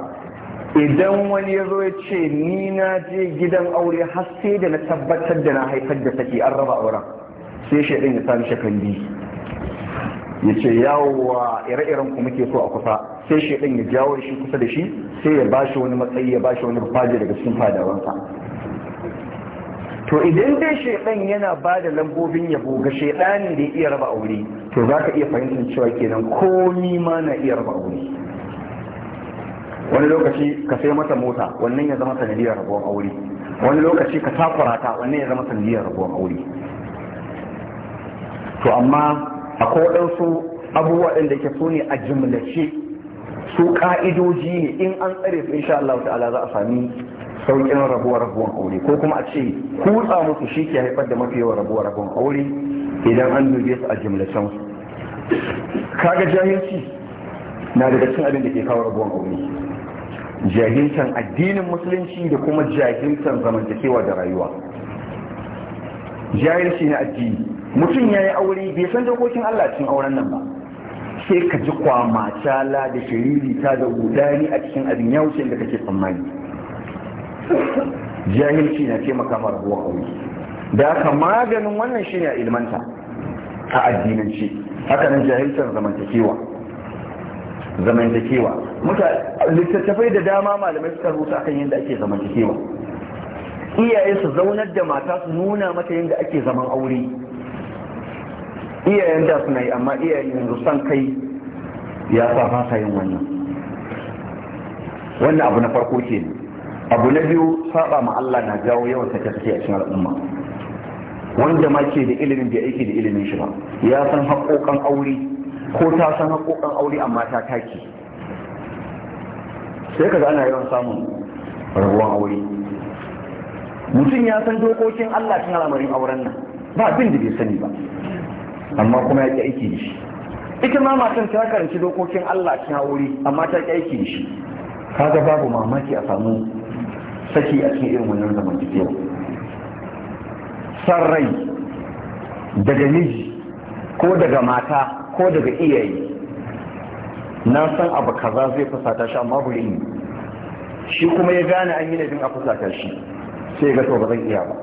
idan wani ya zo ya ce ni na je gidan aure har sai da na tabbatar da na haifar da saki an raba auren sai shaidan ya sa ni shakandi ya ce yawowa ire-iren ku muke so a kusa sai shaidan ya jawo shi kusa da shi sai ya bashi wani matsayi ya bashi wani rufaji daga cikin fadawansa to idan dai shaidan yana ba da lambobin yabo ga shaidani da ya iya raba aure to za ka iya fahimtar cewa kenan ko ni ma na iya raba aure wani lokaci ka sai mata mota wannan ya zama sanadiyar rabuwar aure wani lokaci ka takura ta wannan ya zama sanadiyar rabuwar aure to amma akwai waɗansu abubuwa ɗin da ke so ne a jimlace su ka'idoji ne in an tsare su insha Allah ta'ala za a sami saukin rabuwa rabuwan aure ko kuma a ce kutsa musu shi ke haifar da mafi yawan rabuwar rabuwan aure idan an dube su a jimlatan su kaga jahilci na daga cikin abin da ke kawo rabuwan aure jahilcin addinin musulunci da kuma jahilcin zamantakewa da rayuwa jahilci na addini mutum ya yi aure bai san dokokin Allah cin auren nan ba sai ka ji kwamacala da shiriri ta da gudani a cikin abin ya wuce da kake tsammani jahilci na taimaka ma rabuwar aure da aka maganin wannan shine a ilmanta a addinanci haka nan jahilcin zamantakewa zamantakewa muka littattafai da dama malamai suka rusa akan yadda ake zamantakewa iyaye su zaunar da mata su nuna mata yadda ake zaman aure iyayen da suna yi amma iyayen yanzu san kai ya sa fasa yin wannan wannan abu na farko ke abu na biyu saba ma Allah na jawo yawan sake sake a cikin al'umma wanda ma ke da ilimin bai aiki da ilimin shi ba ya san haƙoƙan aure ko ta san haƙoƙan aure amma ta take sai kaga ana yawan samun rabuwan aure mutum ya san dokokin Allah cikin al'amarin auren nan ba abin da bai sani ba amma kuma ya ki aiki da shi ita ma matan ta karanci dokokin Allah cikin aure amma ta ki aiki da shi kaga babu mamaki a samu saki a cikin irin wannan tafiya san rai daga miji ko daga mata ko daga iyaye na san abu kaza zai fusata shi amma buri ne shi kuma ya gane an yi laifin a fusata shi sai ga to ba zan iya ba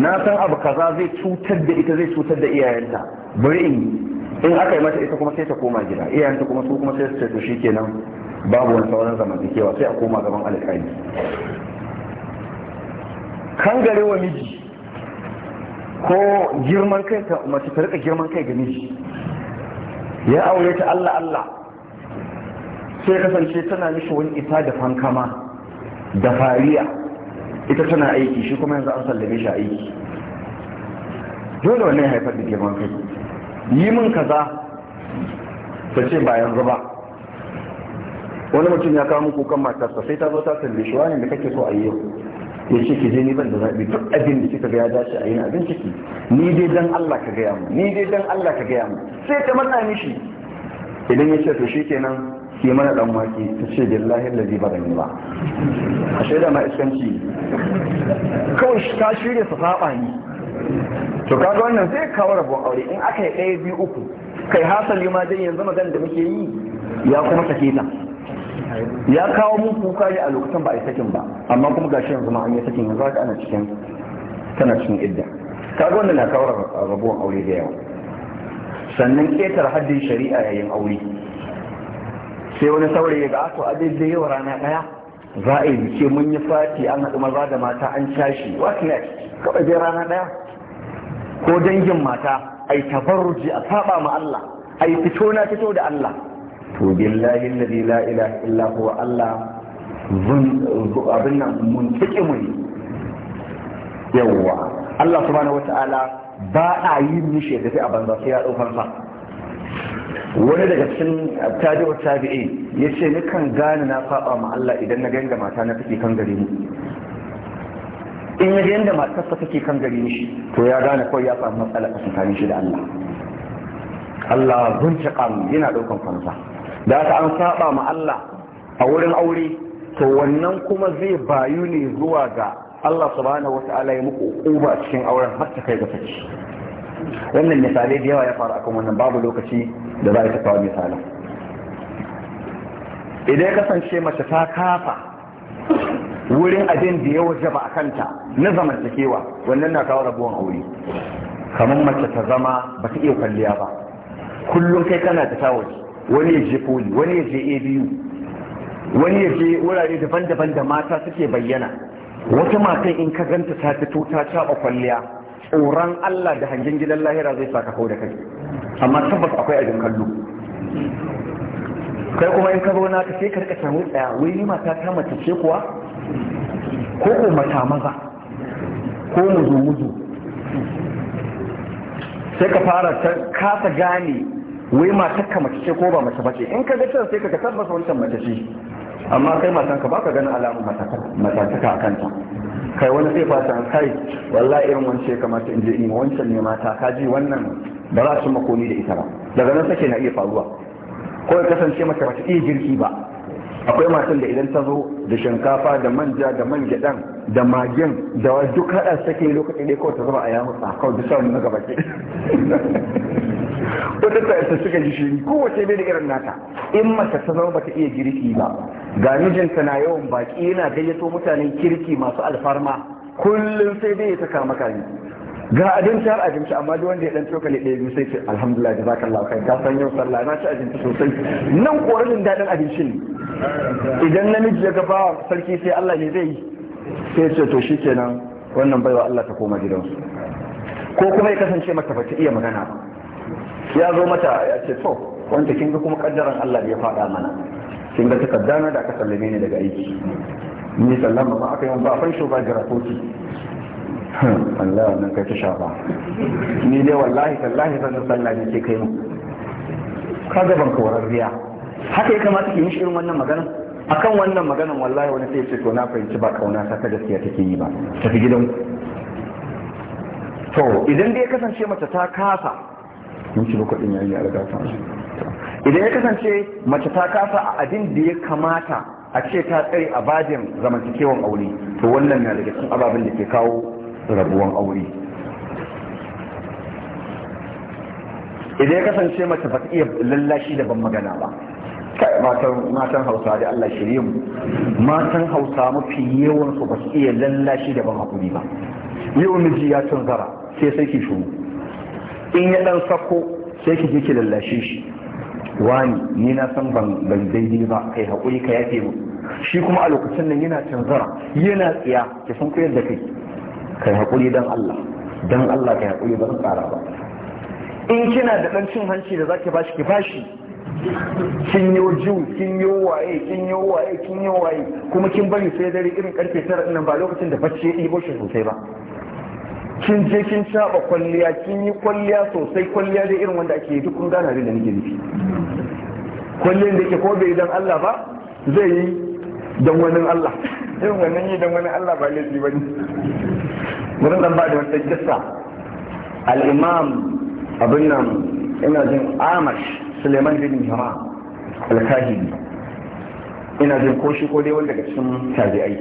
na san abu kaza zai cutar da ita zai cutar da iyayenta bari in in aka yi mata ita kuma sai ta koma gida iyayenta kuma su kuma sai su ce to shikenan babu wani sauran zamantakewa sai a koma gaban alƙali kan gare wa miji ko girman kai ta mace ta rika girman kai ga miji ya aure ta Allah Allah sai kasance tana mishi wani isa da fankama da fariya ita tana aiki shi kuma yanzu an sallame shi aiki dole wannan haifar da girman kai yi min kaza ta ce ba yanzu ba wani mutum ya kawo muku kan matarsa sai ta zo ta tambaye shi wani da kake so a yi yau ya ce ki je ni ban da zaɓi duk abin da kika gaya ya dace a yi abin ciki ni dai dan Allah ka gaya mu ni dai dan Allah ka gaya mu sai ta matsa mishi idan ya ce to kenan ki mana dan waki ta ce billahi allazi ba gani ba a shaida ma iskanci kawai ka shirya su saba ni to kaga wannan sai kawo rabon aure in aka yi ɗaya biyu uku kai hasali ma dai yanzu magana da muke yi ya kuma sake ta ya kawo mun kuka ne a lokacin ba a yi sakin ba amma kuma gashi yanzu ma an yi sakin yanzu haka ana cikin tana cikin idda kaga wannan na kawo rabuwan aure da yawa sannan ketar haddin shari'a yayin aure sai wani saurayi ga ato ah, adai da yawa rana daya za a yi bice mun yi fati an haɗu maza da mata an cashi what next kawai dai rana daya ko dangin mata ai tabarruji a saba ma Allah ai fito na fito da Allah to billahi alladhi la ilaha illa huwa Allah abin nan mun tike mu yawwa Allah subhanahu wata'ala ba a yi mishi da fi a banza sai ya daukar sa wani daga cikin tabi'u tabi'i yace ni kan gane na saba ma Allah idan na ganga mata na take kan gare ni in yaji yanda matarsa take kan gare ni to ya gane kawai ya samu matsala a tsakanin shi da Allah Allah zunci kam yana daukan fansa da aka an saba ma Allah a wurin aure to wannan kuma zai bayu ne zuwa ga Allah subhanahu wata'ala ya muku uba cikin auren har ta kai ga saki wannan misali da yawa ya faru akan wannan babu lokaci da za a ta kawo misalan idan ya kasance mace ta kafa wurin abin da ya ba a kanta na zamantakewa wannan na kawo rabuwan aure kamar mace ta zama ba ta iya kwalliya ba kullum kai kana ta waje wani ya je poli wani ya je abu wani ya je wurare daban-daban da mata suke bayyana wata matan in ka ganta ta fito ta caba kwalliya tsoron Allah da hangen gidan lahira zai saka kau da kai amma tabbas akwai ajin kallo kai kuma in ka zo na ta sai ka rika samu tsaya wai ni mata ta mace ce kuwa ko ko mata maza ko muzu muzu sai ka fara ta kasa gane wai matar ka mace ce ko ba mace bace in ka ga can sai ka tabbata wancan mace ce amma kai matan ka baka ganin alamun matataka a kanta kai wani sai fata kai wallahi irin wance ya kamata in je in wancan ne mata ka ji wannan ba za su makoni da ita ba daga nan sake na iya faruwa ko ya kasance mace mace iya girki ba akwai matan da idan ta zo da shinkafa da manja da man gyaɗan da magin da duk haɗa sake lokaci dai kawai ta zama a yamu a kawai duk sa wata ta suka ji shiri kowace bai da irin nata in mace ta zama bata iya girki ba ga mijinta na yawan baki yana gayyato mutanen kirki masu alfarma kullum sai dai ya saka maka ga abinci har abinci amma duk wanda ya dan cokali ɗaya biyu sai ce alhamdulillah jazakallahu khair ka san yau sallah na ci abinci sosai nan korafin daɗin abincin idan namiji ya ga sarki sai Allah ne zai yi sai ce to shikenan wannan baiwa Allah ta koma gidansu ko kuma ya kasance mata bata iya magana ya zo mata ya ce to wanda kin ga kuma kaddaran Allah ya faɗa mana kin ga na da aka sallame ni daga aiki ni sallama ba aka yi ba fansho ba garafoti hmm, Allah nan kai ta shafa ni dai wallahi tallahi zan sallah ne ke kai mu ka ga ban wararriya. haka ya kamata ki mishi irin wannan magana akan wannan maganan wallahi wani sai ce to na fahimci ba kauna ta ta gaskiya take yi ba tafi gidan to idan dai ya kasance mace ta kasa minti bakwai yayi a daga ta idan ya kasance mace ta kasa a abin da ya kamata a ce ta tsare a bajin zamantakewan aure to wannan na daga cikin ababen da ke kawo rabuwan aure idan ya kasance mace ba ta iya lallashi da ban magana ba matan hausa da Allah shirye mu matan hausa mafi yawan su ba su iya lallashi da ban hakuri ba yau miji ya tunzara zara sai sai ki shuru in ya dan sako sai ki je ki lallashe shi wani ni na san ban ban daidai ba kai hakuri ka yafe mu shi kuma a lokacin nan yana canzara yana tsiya ki san koyar da kai kai hakuri dan Allah dan Allah kai hakuri ba zan tsara ba in kina da dan cin hanci da zaki bashi ki bashi kin yo jiwu kin yo waye kin yo waye kin yo waye kuma kin bari sai dare irin karfe 9 nan ba lokacin da bacci ya yi shi sosai ba kin je kin shaɓa kwalliya kin yi kwalliya sosai kwalliya da irin wanda ake duk kun gana da nake nufi kwalliyar da ke ko bai dan Allah ba zai yi dan wani Allah irin wannan yi dan wani Allah ba laifi bane mun dan ba da wata kissa al-imam abin nan ina jin Amash Suleiman bin Jama'a al kahidi ina jin ko shi ko dai wanda daga cikin tabi'ai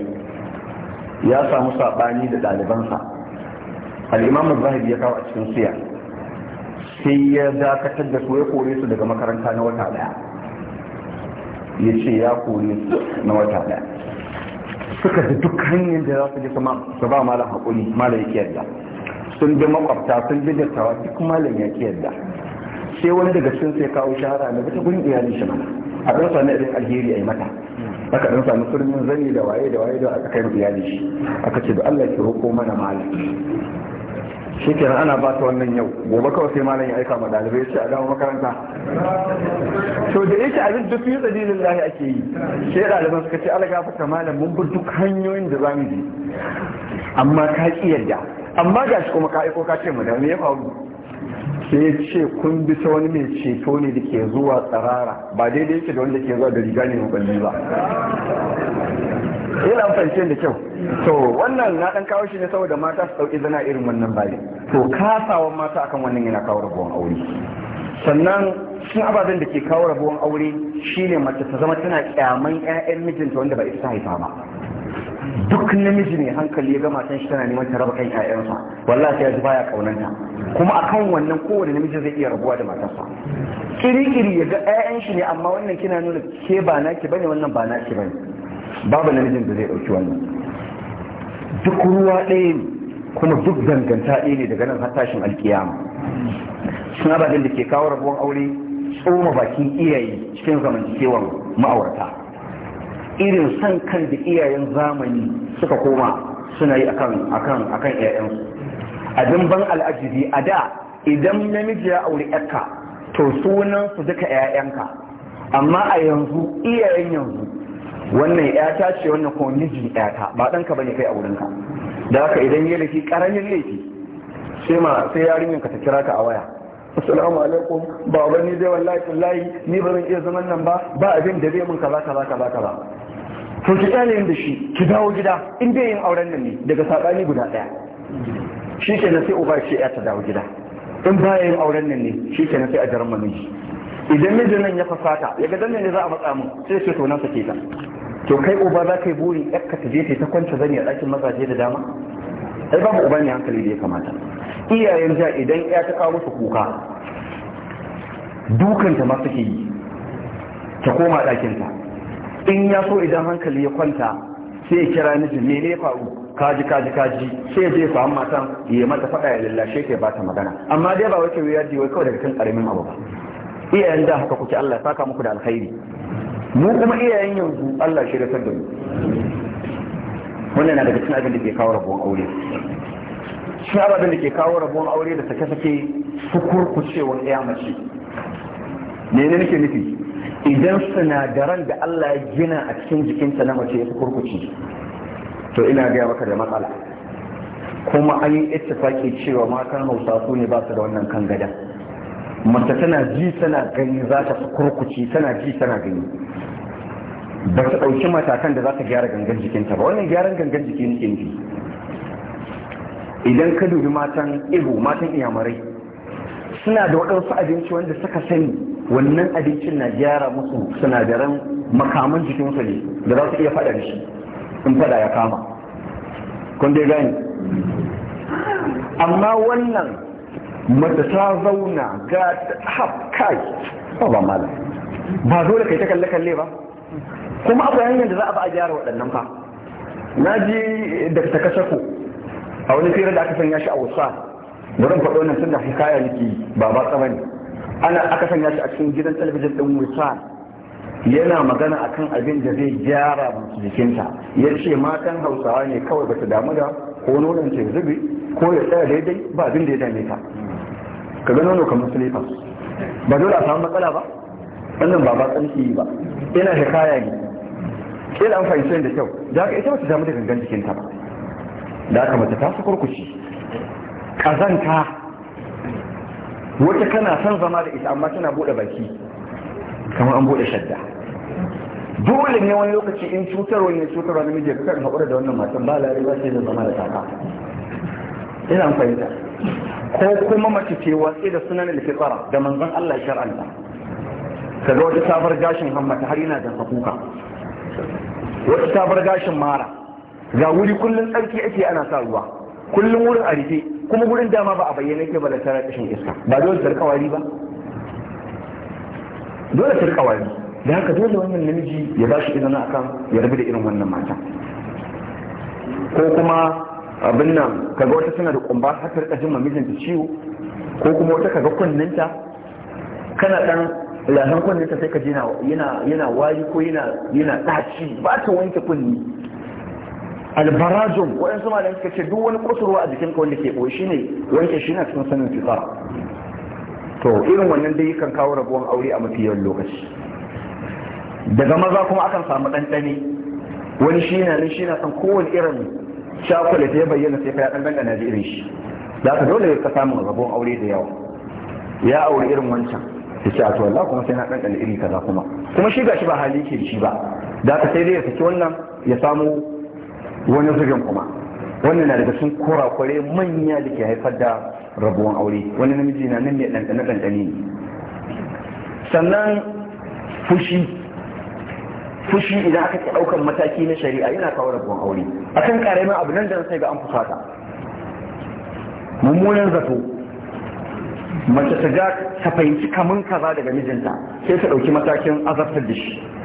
ya samu sabani da ɗalibansa al'imamu zahiri ya kawo a cikin siya sai ya dakatar da su ya kore su daga makaranta na wata daya ya ce ya kore su na wata daya suka da duk hanyar da za su ji su ba malam haƙuri malam ya kiyarda sun bi makwabta sun bi dattawa duk malam ya yadda sai wani daga cikin sai kawo shahara na bata gurin iyalin shi mana a ɗan sami irin alheri a yi mata aka ɗan sami surmin zani da waye da waye da aka kai iyalin shi aka ce da Allah ki roƙo mana malam shikenan ana ba ta wannan yau gobe kawai sai malam ya aika ma dalibai ce a dama makaranta to da yake abin duk yi dalilin lahi ake yi sai daliban suka ce ala malamin malam mun bi duk hanyoyin da za mu je. amma ka ƙi yarda amma gashi kuma ka aiko ka ce mu da me ya faru sai ya ce kun bi ta wani mai ceto ne da ke zuwa tsarara ba daidai yake da wanda ke zuwa da riga ne maballi ba yana fahimce da kyau to wannan na dan kawo shi ne saboda mata su dauki zana irin wannan bayi to kasawan mata akan wannan yana kawo rabuwan aure sannan shi ababen da ke kawo rabuwan aure shine mace ta zama tana kyaman ƴaƴan mijinta wanda ba ita ta haifa ba duk namiji ne hankali ya ga matan shi tana neman ta raba kan ƴaƴansa wallahi ya ji baya kaunanta kuma akan wannan kowane namiji zai iya rabuwa da matarsa kiri-kiri ya ga ƴaƴan shi ne amma wannan kina nuna ke ba naki bane wannan ba naki bane babu namijin da zai dauki wannan duk ruwa ɗaya ne kuma duk danganta ɗaya ne daga nan har tashin alkiyama sun ababen da ke kawo rabuwar aure tsoma bakin iyaye cikin zamantakewar ma'aurata irin san kan da iyayen zamani suka koma suna yi akan akan akan abin ban al'ajibi a da idan namiji ya aure yarka to sunan su duka iyayenka amma a yanzu iyayen yanzu wannan ƴata ce wannan kuma miji ƴata ba ɗanka bane kai a wurinka da haka idan ya laifi ƙaramin laifi sai ma sai yarinyar ka ta kira ka a waya assalamu alaikum baba ni zai wallahi layi ni ba zan iya zaman nan ba ba abin da zai mun kaza kaza kaza kaza to ki kyale da shi ki dawo gida in bai yin auren nan ne daga sabani guda daya shi kenan sai uba ce ya ta dawo gida in ba yin auren nan ne shi kenan sai a jaran miji idan mijin nan ya fasata ya ga danne ne za a matsa mun sai ce to na sake to kai uba za ka yi burin yakka ta je ta kwanta zani a ɗakin mazaje da dama ai babu uba ne hankali da ya kamata iyayen ja idan ya ta kawo su kuka dukanta ma suke yi ta koma ɗakinta in ya so idan hankali ya kwanta sai ya kira mijin me ne ya faru kaji kaji kaji sai zai samu matan ya mata faɗa ya lallashe ta ba ta magana amma dai ba wace wuya ji wai kawai daga kan ƙaramin abu ba iyayen da haka kuke Allah ya saka muku da alkhairi mu kuma iyayen yanzu Allah shi da da wannan na daga cikin abin da ke kawo rabuwar aure shi abin da ke kawo rabuwar aure da sake-sake sukurkucewar iya mace ne ne nake nufi idan sinadaran da Allah ya gina a cikin jikinta na mace ya sukurkuce to ina gaya maka da matsala kuma an yi ittifaki cewa matan hausa su ne ba su da wannan kan gadan Mata tana ji tana gani za ta kurkuci tana ji tana gani ba ta ɗauki matakan da za ta gyara gangan jikinta ba wannan gyaran gangan jikin ne idan ka dubi matan ihu matan iyamarai suna da waɗansu abinci wanda suka sani wannan abincin na gyara musu sinadaran makaman jikinsu ne da za su iya faɗa da shi in faɗa ya kama kun dai gani amma wannan mata ta zauna ga hafkai ba malam ba dole kai ta kalle kalle ba kuma abu hanyar da za a ba a gyara waɗannan fa na ji da ta kasako a wani fira da aka sanya shi a wasa wurin faɗo nan tun da hikaya nake ba ba tsaba ne ana aka sanya shi a cikin gidan talabijin ɗin wasa yana magana akan abin da zai gyara jikinta ya ce matan hausawa ne kawai ba su damu da ko nonon ce zubi ko ya tsaya daidai ba abin da ya dame ta ka gano nono kamar sulefa ba dole a samu matsala ba wannan ba ba tsarki yi ba Ina da kaya ne da an fahimci da kyau da haka ita mace ta mutu gangan jikinta ba da haka mace ta su kurkushi kazanta wata kana son zama da ita amma tana bude baki kamar an bude shadda dole ne wani lokaci in wani ne cutarwa namiji ka kakar haƙura da wannan matan ba lari ba sai da zama da taka ina fahimta ko kuma mace ce watsi da sunan alfitara da manzon Allah shar'anta kaga wata sabar gashin hammata har yana da hakuka wata sabar gashin mara ga wuri kullun tsarki ake ana sa ruwa kullun wurin a rufe kuma wurin dama ba a bayyana yake ba da tara kashin iska ba dole ta kawari ba dole ta kawari da haka dole wannan namiji ya ba shi idan akan ya rabu da irin wannan mata ko kuma abin nan kaga wata suna da kumba har ta rika jin ciwo ko kuma wata kaga kunninta kana dan lahan kunninta sai ka ji yana yana ko yana yana daci ba ta wanke kunni albarajum waɗansu malamai suka ce duk wani kusurwa a jikinka wanda ke ɓoye shine wanke shi na cikin sanin fitar to irin wannan dai kan kawo rabuwan aure a mafi yawan lokaci daga maza kuma akan samu ɗanɗani wani shi na nan shi na san kowane irin ta ya bayyana sai ya dan na ji irin shi za ka dole ka samu rabon aure da yawa ya aure irin wancan ta ce a to Allah kuma sai na dan iri kaza kuma kuma shi gashi ba hali ke shi ba za ka sai dai ya saki wannan ya samu wani zubin kuma wannan na daga cikin kware manya da ke haifar da rabuwan aure wani namiji na nan ne ɗanɗana ɗanɗani ne sannan fushi fushi idan aka ke ɗaukan mataki na shari'a yana kawo rabuwan aure akan karamin abu nan da sai ga an fusata mummunan zato mace ta ga ta fahimci kamun kaza daga mijinta sai ta ɗauki matakin azabtar da shi